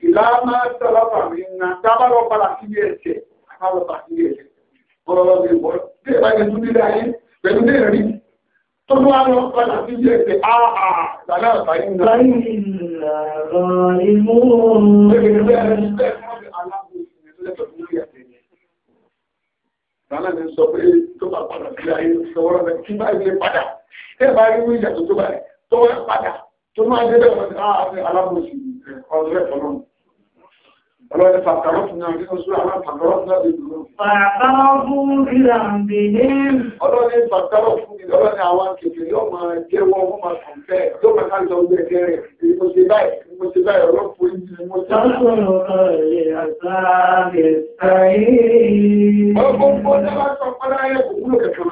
ìlànà tọ́lọ́pàá mi ń na tá a bá lọ padà sí ilé ẹ̀sẹ̀ a bá lọ padà sí ilé ẹ̀sẹ̀ ọ̀rọ̀ lọ bí bọ́ bí ẹ̀ bá yẹ tún nílé ayé pẹ̀lú ní ẹ̀rí tó tún wá lọ padà sí ilé ẹ̀sẹ̀ áà ìlànà àbáyé ń na. báyìí ìlànà ìmú òun. bẹ́ẹ̀ ni bẹ́ẹ̀ ni bẹ́ẹ̀ ni wọ́n fi aláàbò Bàbá mi sọ pé tó bá padà sí ayé sọ́wọ́rọ́ rẹ̀ kí báyìí lè padà. Ṣé bá rí wí ìyàtọ̀ tó báyìí tó wẹ́ padà tó máa dé bẹ́ẹ̀ wọ́n ti á ah, àti alábòsí ọ̀rẹ́ ọlọ́run. Ọlọ́run fàkàrọ̀ fún náà nínú súra àwọn fàkàrọ̀ fún náà lè dúró. Fàkàrọ̀ fún ìrànbì ní. Ọlọ́run fàkàrọ̀ fún ìjọba ní àwọn kèfè yóò máa jẹ́wọ́ wọ́n máa kàn fẹ́ yóò máa kájọ ọgbẹ́ ẹgbẹ́ rẹ̀. Mo ṣe báyìí, mo ṣe báyìí, ọlọ́run fún ìjìnlẹ̀ mo ṣe. Ọlọ́run fún ọjọ́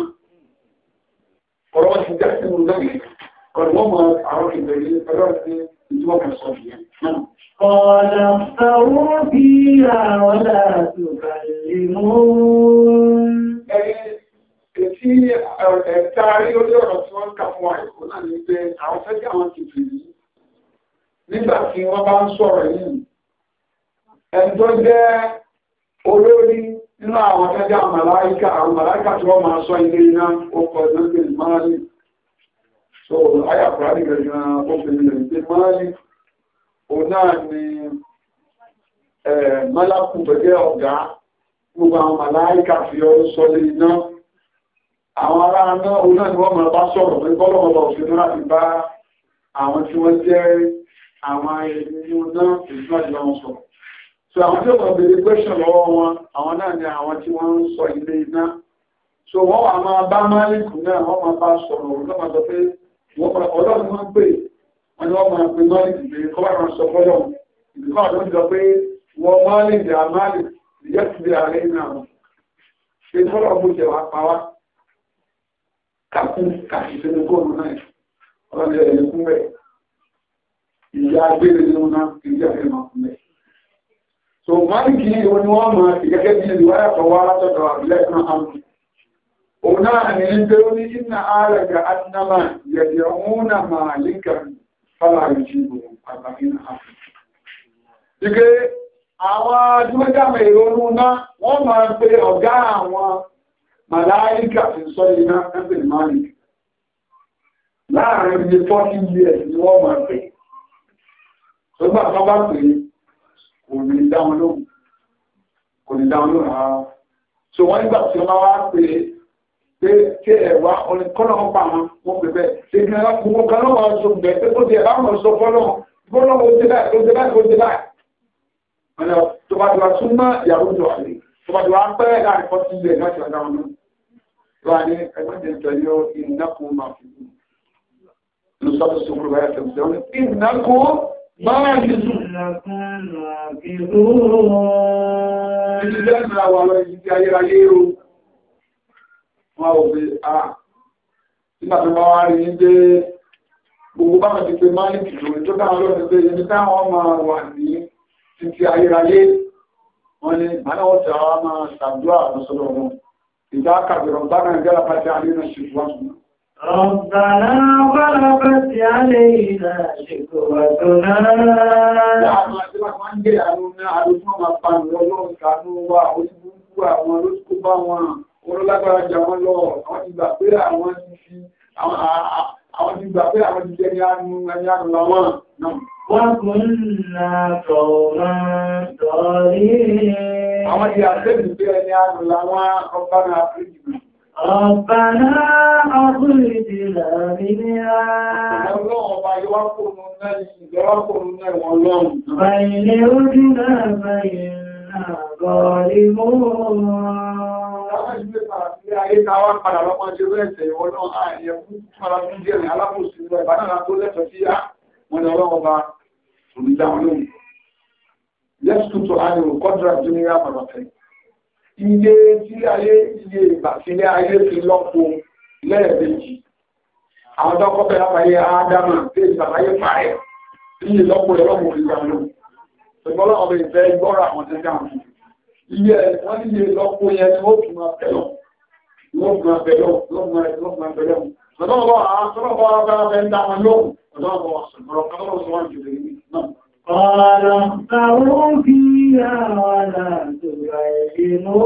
قال اختروا فيها ولا تكلمون Ètí ẹ̀tàrí orí ọ̀rọ̀ tí wọ́n kà fún àìkú náà ní pé àwọn fẹ́ jẹ́ àwọn kìtì yìí. Nígbà tí wọ́n bá ń sọ̀rọ̀ yìí, ẹni tó jẹ́ olórí nínú àwọn fẹ́ jẹ́ àwọn màláíkà, àwọn màláíkà tí wọ́n máa sọ ilé iná, ó kọ̀ ìlú so àyà parí gẹ̀gẹ̀ ó fi ilẹ̀ ìdí máàlì ó náà ni mọ́lákù gẹ́gẹ́ ọ̀gá gbogbo àwọn màláìkà fi ọ́ sọlé iná àwọn ará náà ó náà ni wọ́n máa bá sọ̀rọ̀ pé bọ́lọ̀mọ̀lọ̀ òfin náà ti bá àwọn tí wọ́n jẹ́ àwọn ènìyàn náà èyí náà jọ wọn sọ̀rọ̀ so àwọn tí ó mọ̀ bèèrè question lọ́wọ́ wọn àwọn náà ni àwọn tí wọ́n ń sọ ilé iná so wọ́n wà máa bá sọ̀rọ̀ ọlọ́run máa ń pè wọ́n ni wọ́n máa pè mọ́lìkì pé kọ́ bá máa sọ fọ́lọ́ ìdíkọ́ àdó ń sọ pé wọ́n mọ́lìkì àmàlì ìyẹ́ ti di ààrẹ ìrìn àwọn ṣe tọ́lọ̀ mú jẹ wá pa wá kákún kàṣìṣe ní góòlù náà ọlọ́run ẹ̀yẹ kún bẹ́ẹ̀ ìyá agbére jẹ́ àfihàn kún bẹ́ẹ̀ so mọ́lìkì yìí wọ́n ni wọ́n máa fi gẹ́gẹ́ bí ìwáyà kan wá látọ̀dọ̀ àbílẹ̀ náà òun náà onye ina na ní iná ààrẹ̀gà annama yẹ̀dẹ̀ òun náà máa líkà fàlàrí jìbò àgbàmí àfi. Ike pe ọga awon màláíkà fi sọ iná ẹgbẹ̀ márì. Láàárín iye fọ́kí years ni wọ́n máa pè. Sọgbà kan bá pè kò ní dáwọn lóhùn. Kò ní dáwọn lóhùn So wọ́n nígbà tí wọ́n pé tí ẹ wá ọ̀rìn kọ́nà ọ̀pá wọn wọn pè bẹ́ẹ̀ ṣe ní ẹ̀rọ kúkú kan náà wọn sọ bẹ́ẹ̀ pé kó ti ẹ̀rọ àwọn sọ fọ́nà fọ́nà ó ti báyìí ó ti báyìí ó ti báyìí. ọ̀nà tó bá ti wá súnmọ́ ìyàwó tó wà ní tó bá ti wá pẹ́ láàrin fọ́tí ilé láti ọ̀dà wọn náà. wọ́n á ní ẹgbẹ́ tẹ̀ tẹ̀lé ó ìnákùn máa fi kú. lùsọ́tò sọ̀rọ̀ báyà tẹ̀ tẹ̀ wọ́n ìnákùn máa fi kú. ìnákùn máa fi kú wọ́n ò pé a nígbà tó bá wá rí ní pé gbogbo bá ti pé máìlì lórí tó dáwọn lọ́nà pé ibi táwọn máa wà ní títí ayérayé wọ́n ni àdáwọ̀ tí àwọn máa ṣàdúrà lọ́sọ́dọ̀ wọn ìdá kàbẹ̀rọ̀ bá náà gẹ́ra pàtẹ́ àríyànjú ṣùgbọ́n ربنا غلبت علينا شكوتنا Àwọn olólágbára jẹ àwọn lọ àwọn ti gbà pé àwọn ti fi àwọn ti gbà pé àwọn ti jẹ́ ní àánú ẹni àánú làwọn náà. wọ́n kò ń na tọ̀ọ̀mọ́ tọ̀rí. àwọn ti àtẹ́bí pé ẹni àánú làwọn ọba náà fi jù. Ọ̀bàná ọgbùnrin Ọlọ́run yíwá kò nù náà ìjọba kò nù náà ó dínà bàìlẹ̀. Wọ́n ni ọlọ́wọ́ bá òmìdá Ilé tí ayé ilé ayé fi lọ́pọ̀ lẹ́ẹ̀bẹ̀jì. Àwọn tọ́kọ́ bẹ̀rẹ̀ àpàyẹ Ádámà tí ìbàbáyé fàáyẹ̀ tí ìlọ́pọ̀ ẹ̀rọ ṣùgbọ́n láwọn ọmọ ìfẹ́ gbọ́ra àwọn tẹ́ káàmù iye wọ́n ní iye lọ́pọ̀ yẹn ni ó fi máa pẹ̀lọ́ lọ́gbọ̀n abẹ́lọ́ lọ́gbọ̀n abẹ́lọ́ ọ̀dọ́gbọ̀n àtọ́gbọ̀n abẹ́lẹ́ ń dá wọn lóhùn ọ̀dọ́gbọ̀n ọ̀sọ̀gbọ̀n ọ̀dọ́gbọ̀n ọ̀sọ̀gbọ̀n jùlọ yìí náà Ọ̀rọ̀ àwọn fíyà wàlá tó rà ìlú.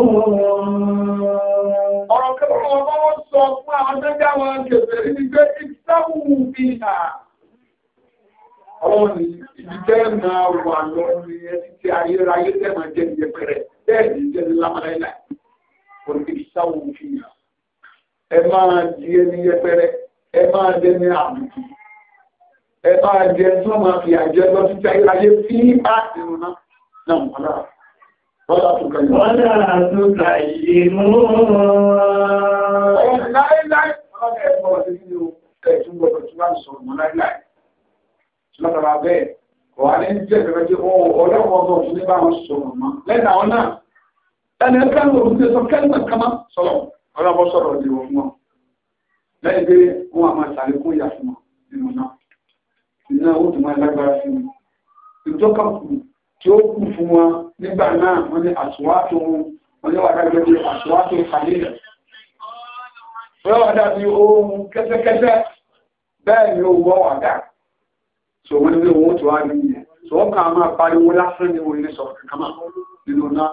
Ọ̀rọ̀ àwọn ìdíjẹ́ máa wà lọ́rí ẹtí tí ayérayé tẹ́ máa jẹ́ ìyẹn pẹ̀rẹ̀ bẹ́ẹ̀ ni jẹ́ ní lámàláìlà olùkìlì sáwọn òfin yà ẹ máa di ẹni yẹpẹrẹ ẹ máa jẹ ní àbùkù ẹ máa jẹ tí wọ́n máa fi àjẹ lọ sí ayérayé tí bá nínú náà náà wọ́n lára wọ́n lára tó kàn yín. wọ́n lára tó kàn yín mú. ọ̀hún láéláé wọ́n bẹ̀rẹ̀ bọ̀ ọ́ látara bẹ́ẹ̀ kò wá ní jẹ́ pẹ̀lú pé ó ọlọ́wọ́ ọmọ òfin ní bá wọn sọ̀rọ̀ mọ́ lẹ́nu àwọn náà ẹni ẹ̀ka ní òfin sọ kẹ́lìmọ̀ kama sọ̀rọ̀ ọlọ́wọ́ sọ̀rọ̀ di òun mọ́ lẹ́yìn pé wọ́n á máa ṣàlékún ìyá fún wọn nínú náà iná ó tún máa lágbára sí wọn ìjọba kù tí ó kù fún wọn nígbà náà wọ́n ní àṣùwàtò wọn ní wàdà gbẹdẹ àṣùwàtò kàlílẹ̀ wọ́n wàdà bí ohun kẹ́sẹ́kẹ́sẹ́ bẹ́ẹ̀ ni ó wọ́ wàdà so wọ́n ní owó tó wá rí yẹn so wọ́n kà máa pariwo lásán ní orí sọ kàmá nínú náà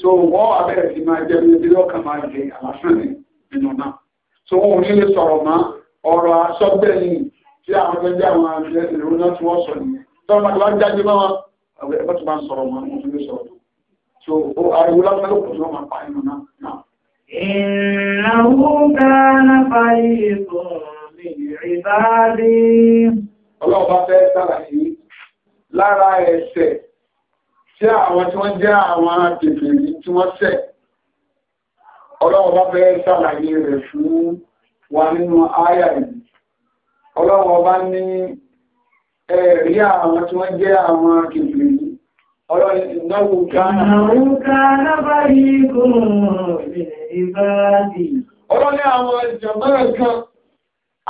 so wọ́n abẹ́rẹ́ sí máa jẹ́ ní bílọ̀ kan máa jẹ àlásán ní nínú náà so wọ́n ò ní lè sọ̀rọ̀ mọ́ ọ̀rọ̀ asọ́gbẹ̀yìn tí àwọn ẹgbẹ́ àwọn àgbẹ̀ ìrún náà tí wọ́n sọ nìyẹn tọ́wọ́n máa ti wá jáde mọ́ wọn àwọn ẹgbẹ́ tó máa ń sọ̀rọ̀ mọ́ wọn ò ní lè sọ̀rọ̀ so ariwo lásán ló kù tí wọ́n máa pa nínú náà. إنه كان فريق من عبادي ọlọ́run bá fẹ́ sàlàyé lára ẹ̀ṣẹ̀ tí àwọn tí wọ́n jẹ́ àwọn kèfèrí tí wọ́n ṣẹ̀ ọlọ́run bá fẹ́ sàlàyé rẹ̀ fún wa nínú àyà yìí ọlọ́run ní ẹ̀rí àwọn tí wọ́n jẹ́ àwọn kèfèrí ọlọ́run ìnáwó gánà àwọn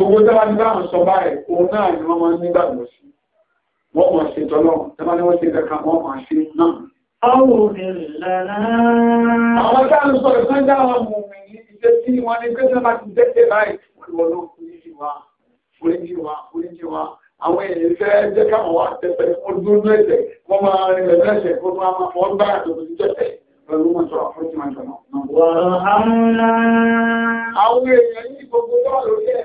gbogbo tẹ́bá ní báwọn sọ báyìí òun náà ni wọ́n máa ń nígbàgbọ́ sí wọ́n mọ̀ sí tọ́lọ́ tẹ́bá ní wọ́n sí ẹ̀kẹ́kà wọ́n máa sí náà àwọn tá ń sọ ìsọ́jà wọn mú mi ní iṣẹ́ tí wọ́n ní pé tẹ́bá ti dẹ́kẹ̀ báyìí wọ́n lọ oríjìwá oríjìwá oríjìwá àwọn èèyàn fẹ́ jẹ́ káwọn wà tẹ́fẹ́ ọdún lẹ́sẹ̀ wọ́n máa rìn lẹ́sẹ̀ wọ́n máa máa fọ́ gbára tó ti jẹ́sẹ̀ pẹ̀lú wọn sọ̀rọ̀ fún ìtìmọ̀ ìjọba. àwọn èèyàn yìí gbogbo lọ́wọ́ lórí ẹ̀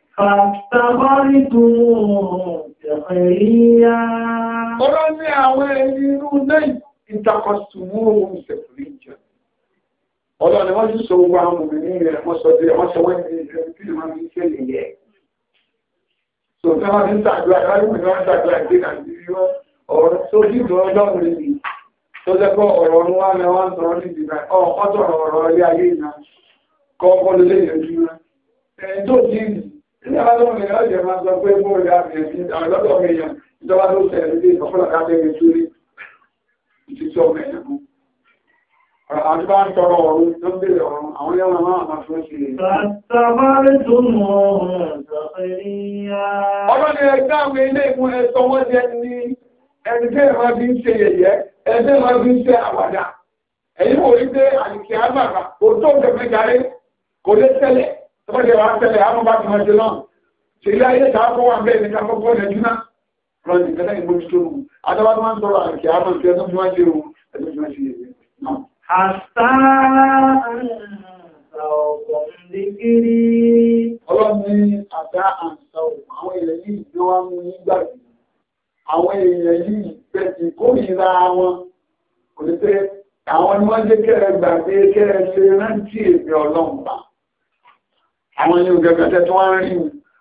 Ọ̀rọ̀ ní àwọn ẹni irú náà ìtakọ̀sùnmú ohun ìṣẹ̀fìrí jẹ. ni wọ́n ti sọ gbogbo àwọn obìnrin rẹ̀ wọ́n sọ pé wọ́n sọ wọ́n ní ìṣẹ́ tí wọ́n fi ṣe lè yẹ. So tí wọ́n fi ń tàdúrà, láìpẹ́ ni wọ́n tàdúrà ìgbé Nàìjíríà ọ̀rọ̀ tó dìbò ọlọ́run níbi tó jẹ́kọ́ ọ̀rọ̀ ọ̀run wá ní wọ́n sọ̀rọ̀ níbi rẹ̀ ọ̀pọ̀ tọ̀rọ̀ ọ̀rọ̀ ilé ayé ìná kọ́kọ́ lélẹ́yìn ojú ní ọba tó mìíràn ọjọ́ máa sọ pé mú ìyá rẹ̀ sí àwọn lọ́dọ̀ mìíràn ìjọba tó sẹ̀rẹ̀ sí ìfọ́fọ́lọ̀ kábẹ́rẹ́ sórí ìtìsọ mẹ́rin kú. Àwọn tí bá ń tọrọ ọ̀run tó ń bèèrè ọ̀run, àwọn yẹ́wọ̀n máa máa fún sí ẹgbẹ́ àwọn bí ń ṣe yẹ̀yẹ́, ẹgbẹ́ ẹ̀mọ́ bí ń ṣe àwàdà. Ẹ̀yìn wò rí pé àyíkẹ́ àgbàgbà, òótọ́ òkè mẹ́garí, kò lè tẹ́lẹ̀ tọ́lẹ̀ wá tẹ́lẹ̀ àwọn bá ti máa jẹ náà ṣe ilé ayé tààkọ́ wà bẹ́ẹ̀ ní káfọ́kọ́ ẹ̀jú náà rọ nìkan náà ìgbójú tó rú adáwà tó wọn kò ní pé àwọn ni wọ́n jẹ́ kẹ́rẹ̀ gbàgbé ṣe rántí èdè ọlọ́m̀bà àwọn ilé ìgbẹ̀gbẹ̀ tó wá ń rí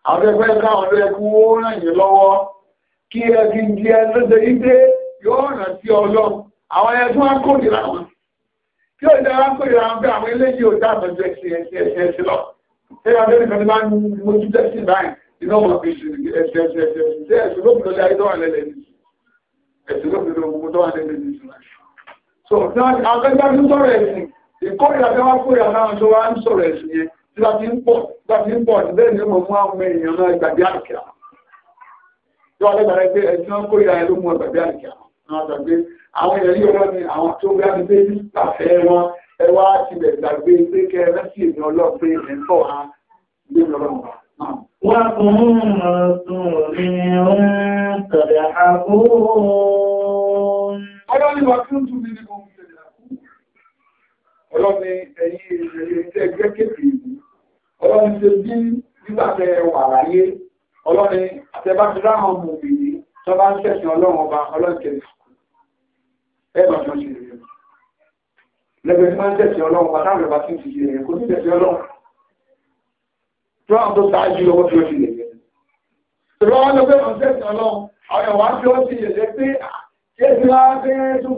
àwọn ẹgbẹ́ káwọn ló ẹkú ó ràn yín lọ́wọ́ kí ẹgbẹ́ jẹ́ lọ́dẹ̀ ìdé yóò ràn sí ọlọ́run àwọn ẹgbẹ́ tó wá kórìíra wọn kí ó dára kórìíra wọn bí àwọn eléyìí ò dáàbọ̀ jẹ́ sí ẹsẹ̀ ẹsẹ̀ ẹsẹ̀ lọ ṣé abẹ́ nìkan ní máa ń mojú jẹ́ sí báyìí iná ọmọ fi ṣe ẹsẹ̀ ẹsẹ̀ ẹsẹ̀ ẹsẹ̀ ẹsẹ̀ lóbìnrin lórí ayé tó wà lẹ́lẹ̀ ní ẹsẹ̀ lóbìnrin ogun tó wà lẹ́lẹ̀ ní ìṣúná so àwọn akẹ́kọ̀ọ́ ń sọ̀rọ̀ ẹ̀sìn ìkórìíra fẹ́ wá kórìíra náà tó wá ń sọ̀rọ̀ ẹ̀sìn yẹn tí a ti ń pọ̀ tí bẹ́ẹ̀ ni mọ̀ fún àwọn èèyàn náà ìgbàgbé àkìá tí wọ́n lẹ́gbàá pé ẹ̀sìn wọn kórìíra ẹ̀ ló mú ìgbàgbé àkìá náà gbàgbé àwọn èèyàn yìí wọ́n ni àwọn tó gbá ní bébí pàfẹ́ wọn ẹ wá ti bẹ̀ gbàgbé pé kẹ rẹ́sì èmi ọlọ́pẹ ẹ̀ ń bọ̀ á gbé mi ọlọ́run Wọ́n kún ọ̀tún ní òun kàdà àkóhùn. Ọlọ́run wà kí ó tún ọlọ́run ṣe bí nígbàtẹ́ wà láyé ọlọ́run àtẹ́bájúdá àwọn ọmọ obìnrin tó bá ń ṣẹ̀sìn ọlọ́run ọba ọlọ́run tẹ̀lé ẹ̀rọ tó ṣe rẹ̀ lẹ́gbẹ̀ẹ́ máa ń tẹ̀sìn ọlọ́run ọba táwọn ìrọ̀bá tí ń ṣiṣẹ́ rẹ̀ kò ní tẹ̀sìn ọlọ́run tó àwọn tó ṣáájú lọ́wọ́ tí ó ṣe lẹ̀ tẹ̀lé wọn lọ pé wọn tẹ̀sìn ọlọ́run àwọn ẹ̀wà tí ó ti yẹ̀lẹ́ pé ṣé ti wá fẹ́ tún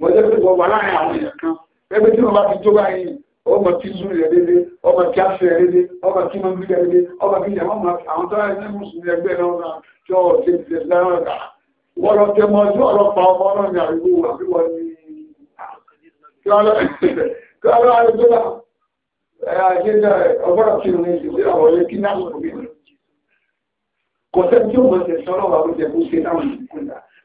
wọ́n jẹ́ pé wọ́n wà láàrin àwọn èèyàn kan ẹgbẹ́ tí wọ́n bá fi jó báyìí ọmọ tí zú rẹ̀ dédé ọmọ tí aṣọ rẹ̀ dédé ọmọ tí wọ́n gbígbà dédé ọmọ bí ìyàwó àwọn tó rẹ̀ ní mùsùlùmí ẹgbẹ́ náà tí ọ ṣe ti ṣe lára ọ̀gá wọ́n lọ tẹ mọ́ sí ọlọ́pàá ọmọ náà ní àríwó àríwó ní kí wọ́n lọ àríwó àjẹ́jà ọgbọ́n tí wọ́n ní ìṣẹ́ àwọn ilé kí náà kò sẹ́ni tí ó mọ̀ ṣẹ̀ sọ́rọ̀ àwọn ìjẹ̀kú ṣe náà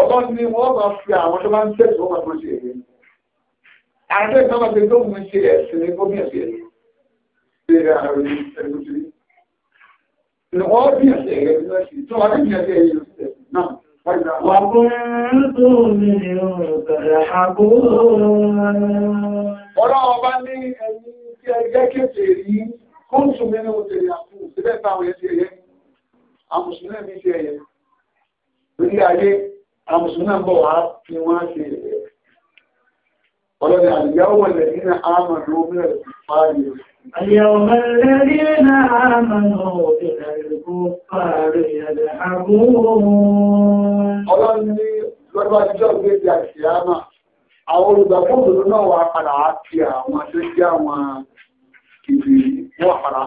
ọlọ́run ni wọ́n máa fi àwọn tó máa ń tẹ̀sí wọ́n máa tó ṣe èyí àti ẹ̀ka máa tó mú ṣe ẹ̀sìn ní gómìnà sí ẹ̀yìn ṣe ẹ̀rọ àrùn ẹ̀rọ sí ni wọ́n bí ẹ̀sẹ̀ ẹ̀rọ sí ẹ̀sìn tó wà ní ìyẹ̀sẹ̀ ẹ̀yìn náà Ọlọ́run náà ní àmùsùnàbọ̀ wà fi wọ́n ṣe rẹ̀. Ọlọ́dẹ àyàwó lẹ́dí na àmà lómìnà fàáyé. Àyàwó na àmà lómìnà fàáyé yàdà àgbóhùn. Ọlọ́dẹ ní lọ́dọ̀ àjíjọ́ ti àti àmà, àwọn olùgbàgbọ́dọ̀ náà wà padà á àwọn tó jẹ́ àwọn kìbì wọ́n padà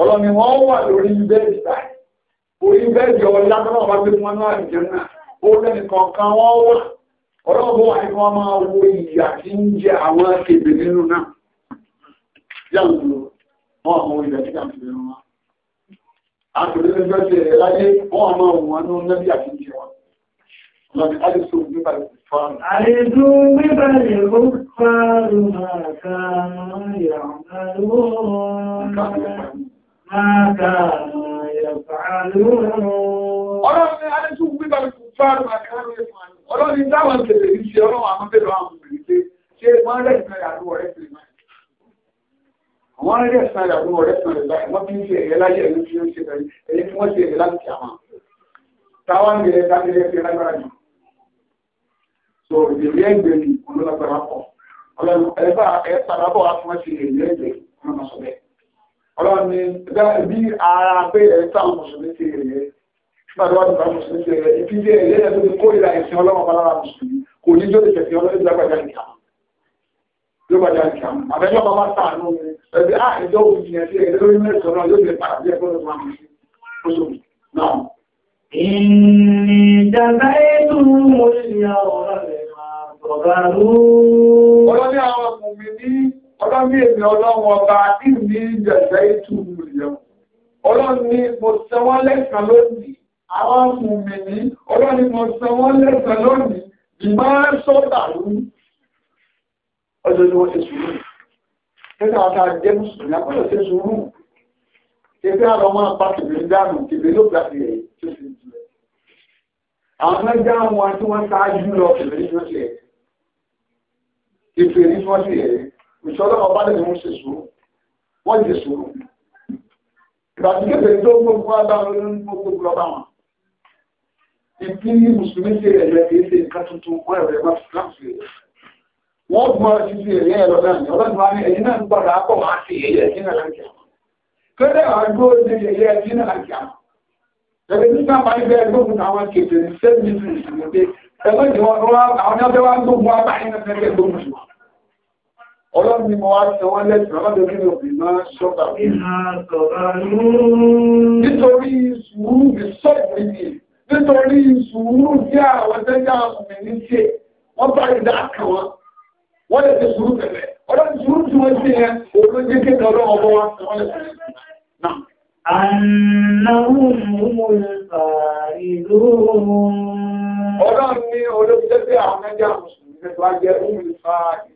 ọlọ́ni wọ́n wà lórí bẹ́ẹ̀dì báyìí orí bẹ́ẹ̀dì ọlá tó náà wá pé wọ́n náà jẹ́ náà ó lẹ́nì kọ̀ọ̀kan wọ́n wà ọlọ́gbọ́ wà ní wọ́n máa wo ìyà tí ń jẹ àwọn kèbè nínú náà yàgùn wọn àwọn ilẹ̀ tí kàfẹ́ rẹ̀ wọn àtòlẹ́lẹ́ bẹ́ẹ̀ tẹ̀ láyé wọ́n máa wù wọn nínú nẹ́bí àti jẹ wọn lọ́dí alẹ́sùn nípa ìfọ́n àlejò wíbẹ̀ lè kó fáàrùn àkàrà ìyàwó Ọlọ́run ni Adéṣù gbígbà lè fún fáàrùn àti àrùn ẹ̀fún àrùn. Ọlọ́run ni dáwọn tẹ̀lẹ̀ ní ṣe ọlọ́run àwọn bẹ̀rẹ̀ àwọn Àwọn ọ̀rẹ́ pẹ̀lú báyìí wọ́n fi ṣe ẹ̀yẹ láyé tí ó ń ṣe pẹ̀lú ẹ̀yẹ tí wọ́n ṣe ẹ̀yẹ láti àwọn. Táwọn ń gbèrè dábí rẹ̀ jù. So ìrírí ẹgbẹ́ ni olólágbára pọ̀. Ọlọ́run ẹ ọlọ́run ni bí ara pé ẹ̀ta mùsùlùmí ti rèé nígbàtí bá mùsùlùmí ti rèé ìfìdí ẹ̀yẹ́ ẹ̀ ti kó ìlà ìsìn ọlọ́run balára mùsùlùmí kò ní jó ìfẹ̀sì ọlọ́run Ọlọ́run ní èmi ọlọ́run ọba tí ní ìjẹ̀jẹ̀ ìtumù ìyẹn. Ọlọ́run ní mo sọ wọ́n lẹ́sàn lónìí, àwọn mùmí ní, ọlọ́run ní mo sọ wọ́n lẹ́sàn lónìí, ni wọ́n ṣe sùúrù. Tẹ́lá ọ̀tá jẹ́ mùsùlùmí, àpọ̀lọ̀ ṣe sùúrù. Tẹ́lá ọ̀rọ̀ máa pa kìbìrì dànù, kìbìrì ló gbà sí ẹ̀ tó sì jù. Àwọn mẹ́jọ àwọn tí wọ́n ṣáájú lọ kìbìrì tó sì ẹ̀. ẹ̀ ìṣọ́lọ́ ọba lè mú ṣe sùúrù wọ́n yìí sùúrù ìgbàtíkẹ́fẹ́ tó gbogbo agbára lórí gbogbo lọ́ba wọn ìpín mùsùlùmí ṣe ẹ̀yẹ kìí ṣe nǹkan tuntun wọ́n ẹ̀rọ ẹ̀gbá láti rẹ̀ wọ́n gbọ́ ti fi ẹ̀yẹ ẹ̀rọ náà ní ọlọ́dún wa ní ẹ̀yìn náà ń gbọ́dọ̀ akọ̀ wá sí ẹ̀yẹ ẹ̀yìn náà láti àwọn kéde àgbo ní ẹ̀yẹ ẹ̀yìn náà láti àwọn ẹ̀rẹ́ nígbà máa ń bẹ́ ẹgbógun àwọn kèfèrè sẹ́yìn nísìnyí ẹgbẹ́ ìwọ̀n àwọn ọjọ́ wa gbógun wa báyìí náà fẹ́ Ọlọ́run ni mo wá sọ wọ́n lẹ́sìn ọlọ́dọ̀ kí ló fi máa ṣọ́gbà mi. Nítorí sùúrù mi sọ ìpínlẹ̀, nítorí sùúrù tí àwọn tẹ́jà ọkùnrin ní ṣe, wọ́n bá ìdá kan wọn, wọ́n lè ti sùúrù bẹ̀rẹ̀. Ọlọ́run sùúrù tí wọ́n ṣe yẹn, òun ló jẹ́ kéde ọlọ́run ọmọ wa sọ wọ́n lẹ́sìn. Ànàhùn mú ìlú. Ọlọ́run ni olóògbé àwọn ẹja Mùsùlùmí tó wá jẹ́ òun ìfà ìlú.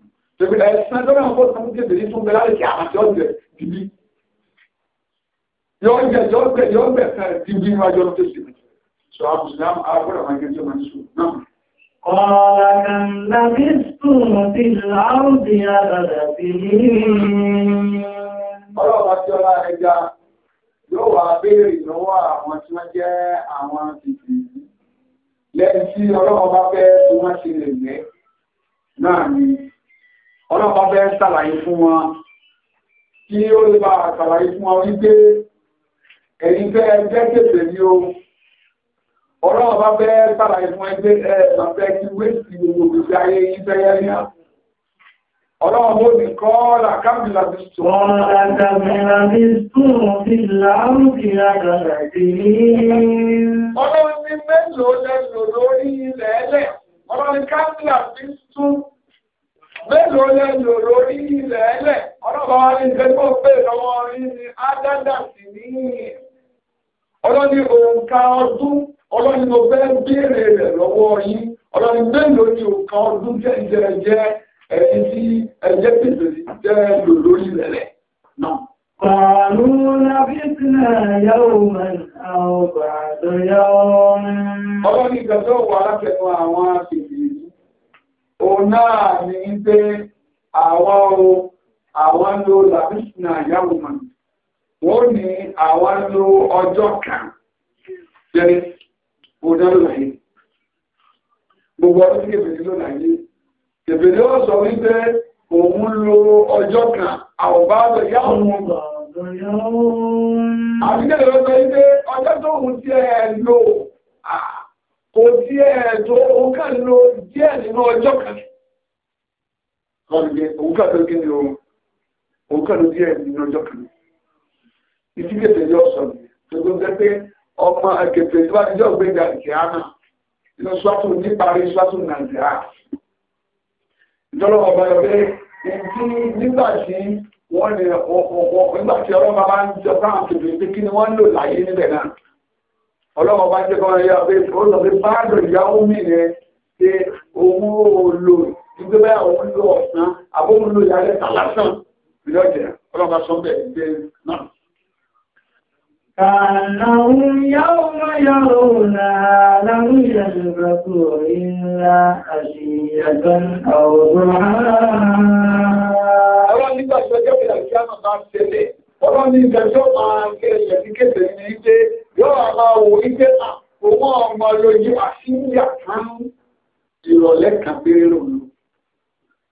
Ṣèpè ẹ̀sán tó náà fọ́ọ̀tún fún kébìrì tún bẹ láti àwọn àti ọ̀jẹ̀ dìbí. Yọ ọ̀jẹ̀ yọ ọ̀gbẹ̀ yọ ọ̀gbẹ̀ kan dìbí níwájú ọdún tó ṣe. Sọ àbùsùn náà àgbọ̀dọ̀ máa ń gé tí ó máa ń sùn náà. قال كم لبثتم في الأرض عدد سنين Ọlọ́run àti ọlá ẹja yóò wá béèrè lọ́wọ́ lẹ́yìn tí ọlọ́run bá fẹ́ tí wọ́n ṣe lè mẹ́ náà ni ọlọ́pàá bẹ́ẹ̀ sàlàyé fún wọn kí ó lè bá sàlàyé fún wọn wípé ẹ̀yin fẹ́ ẹgbẹ́ tètè ní o ọlọ́pàá bẹ́ẹ̀ sàlàyé fún ẹgbẹ́ ẹgbẹ́ kí wéèsì gbogbo gbèsè ayé yìí fẹ́ yẹ́ ní ní kọ́ọ́lá kábìlà kábìlà bí sùn lẹ́nu lórí ilẹ̀ ẹlẹ̀ ọlọ́pàá ní ìgbẹ́gbọ́ lọ́wọ́ rí ni ádádà ní ọlọ́ni òǹkà ọdún ọlọ́ni mo fẹ́ béèrè rẹ̀ lọ́wọ́ yín ọlọ́ni mélòó ni òǹkà ọdún jẹ́ wà lápẹ̀lú àwọn àṣìṣì òun náà ní pé àwọn o àwọn lo làbísìnà na mọ̀ wọ́n ní àwọn lo ọjọ́ kan jẹ́rí òdàlù láyé gbogbo ọdún sí èbèrè ló láyé èbèrè ó sọ wípé òun lo ọjọ́ kan àwọ̀bá lọ yàwó mọ̀ àbíkẹ́ lọ sọ wípé ọjọ́ tó hùn tí ẹ lò kò tí ẹ tó ó kàn lo díẹ̀ nínú ọjọ́ kan wọ́n gbé òun kàtó kí ni òun kàtó díẹ̀ nínú ọjọ́ kan ìtìkẹ́tẹ̀ yọ sọ ni tòun jẹ́ pé ọmọ ẹ̀kẹ́tẹ̀ tó bá ti jọ gbé ga ìkẹ́hánà inú sọ́tù níparí sọ́tù nàìjíríà ìjọlọ́wọ́ ọba yọ pé ìdí nígbà tí wọ́n ní nígbà tí ọlọ́mọ bá ń jọ fáwọn tòun pé kí ni wọ́n ń lò láyé níbẹ̀ náà ọlọ́mọ bá jẹ́ kọ́ ọ yọ pé ó lọ pé báàdùn ìyàwó mi rẹ̀ pé òun ò lò ìgbé bá àwọn lò ọ̀sán àbóhùn lò yàrá ẹ̀ta lásán ìlú ọ̀jẹ̀ ọlọ́ba sọ bẹ́ẹ̀ gbé náà. Kànáhùn yáwó máa yáwó náà láwọn ìyàjọba tó rí ńlá àti ìyàgbọ́n àwòrán. Ọlọ́run nígbà tó jẹ́ pé àti àmà máa ń tẹ̀lé, ọlọ́run ní ìgbàjọ́ máa ń kẹ́ ẹ̀yẹ̀ ní kéde ní ilé, yóò máa wò ní pé àwọn ọmọ lóyún àti ìyà kan ìrọ̀lẹ́ kan péré lòlù.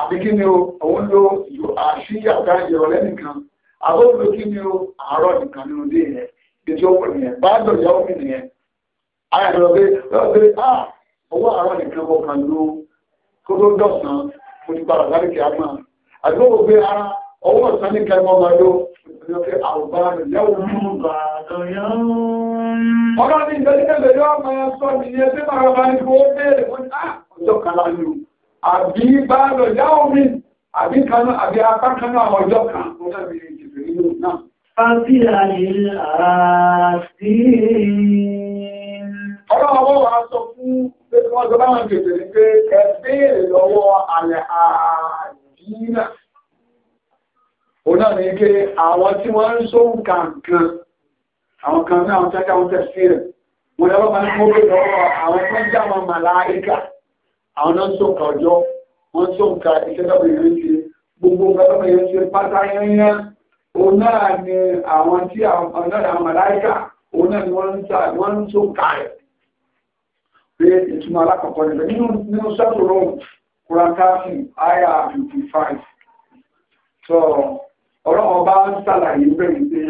àti kí ni o òun ló àṣíyàká ìrọ̀lẹ́ nìkan àbóòlò kí ni o àárọ̀ nìkan nínú dé yẹn ètò owó nìyẹn bá dọ̀yà omi nìyẹn ayàtọ̀ pé lọ́pẹ́ à owó àárọ̀ nìkan kọ kan ló kó tó dọ̀sán fún ipa àgbárí kí a mọ̀ àdúgbò pé ara owó ọ̀sán nìkan mọ́ máa ló lọ́pẹ́ àwùbá rẹ̀ lẹ́wọ̀n mú bàdọ̀yà ọ̀rọ̀ ní ìgbẹ́lẹ́gbẹ̀rẹ̀ ọmọ ẹ̀ sọ nìyẹn tí màá bá ní kó àbí bá lọ yá omi àbí kanú àbí apá kanú àwọn ọjọ́ kan tó dábí ìjìbì nínú náà. Fáfíà ní àásí. Ọlọ́wọ́ wa sọ fún pé kí wọ́n sọ bá wọn kèfè ní pé ẹ béèrè lọ́wọ́ àlẹ́ àdínà. Ó náà ní pé àwọn tí wọ́n ń só nǹkan àwọn kan náà tẹ́kẹ́ àwọn náà sọ̀kà ọjọ́ wọ́n sọ̀kà iṣẹ́ tọ́pọ̀ yẹn ń ṣe gbogbo tọ́pọ̀ yẹn ń ṣe pátá yẹnyẹ òun náà ni àwọn tí àwọn náà àwọn màláìkà òun náà ni wọ́n ń sọ̀kà ẹ̀ pé ìtumọ̀ alákọ̀ọ́kọ́ nílẹ̀ nínú sẹ́tùrọ̀ kùrákàfì àyà 55 so ọ̀rọ̀ ọba ń sàlàyé bẹ̀rẹ̀ pé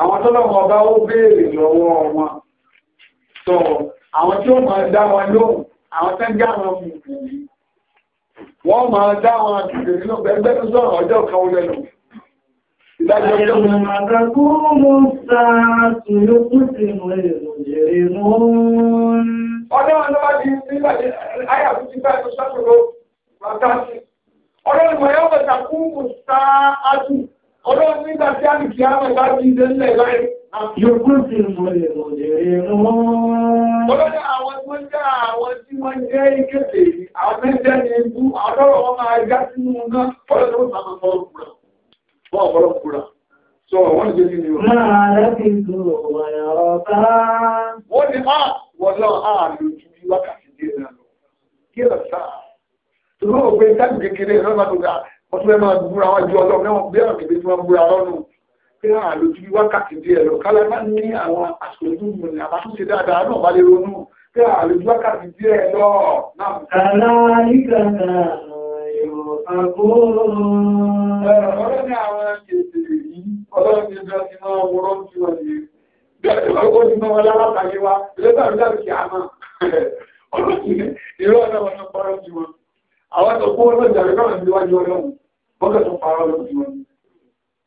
àwọn tọ́lọ́wọ́ ọba ó béèrè lọ́wọ́ wọn so àwọn tí ó mọ̀ dá wọn lóhùn àwọn tẹ́ jẹ́ àwọn mùsùlùmí wọ́n máa dá wọn àtìgbè nínú ẹgbẹ́rún sọ̀rọ̀ ọjọ́ kan ó lẹ́nu ìdájọ́ tó mú ọjọ́ ọlọ́wọ́ di nígbàdé ayàbí ti ọlọ́run mọ̀ yọ́ pẹ̀tàkùn mùsáàtù ọlọ́run nígbàdé àmì kìí àmì láìpẹ́ Yòókù sí mo lè mọ̀ lèrè mọ́. Olóyìn àwọn tó jẹ́ àwọn tí wọ́n jẹ́ ìkéde yìí, àwọn mẹ́jẹ́ ni ibú, àwọn tọ́rọ wọn máa já sínú náà, fọ́lọ́ tó sàmà fọ́rọ̀ Wọ́n fọ́rọ̀ Sọ wọ́n jẹ́ nínú ìwọ̀n. Máa lẹ́kì pé àlójú ah, bí wákàtí díẹ̀ lọ kálá bá ní àwọn àsìkò tó mú ní àbátúnṣe dáadáa náà bá lè ronú pé àlójú ah, wákàtí díẹ̀ lọ náà. kàlá nígbà náà yóò àgbo. ọ̀rọ̀ ní àwọn kèsì yìí ọlọ́run ti dá sí máa wọ́rọ́ ju ọ̀nì. bẹ́ẹ̀ ni wọ́n ti máa lálátàyé wa lẹ́gbàá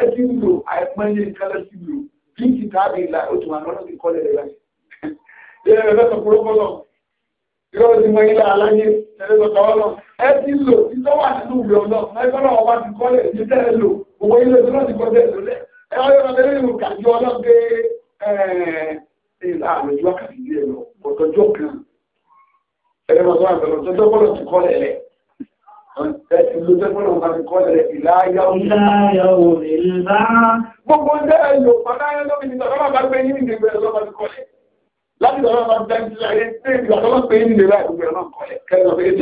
ẹjú lò àìpẹ́yẹ kálẹ̀ sí lò bí kì tábì ìlà oṣù àwọn ọ̀nà ti kọ́lẹ̀ rẹ̀ láti. Ilé rẹ̀ fẹ́ sọ̀kúrò kọ́lọ̀. Ìrọ̀ ti mọ ilé aláyé ẹ̀rẹ́ sọ̀kọ̀ ọ̀nà. Ẹ ti lò tí tó wà nínú ìwé ọ̀nà. Ẹgbẹ́ náà wọ́n bá ti kọ́lẹ̀ ní tẹ́lẹ̀ lò. Òwò ilé tó náà ti kọ́lẹ̀ lólẹ̀. Ẹ wáyé wọn lé nínú kàjú ọ̀nà pé ìlà àmì ìjọ kàdí ilé lọ. Ọ̀tọ̀jọ́ kan. Ẹ̀rẹ́ Gbogbo jẹ́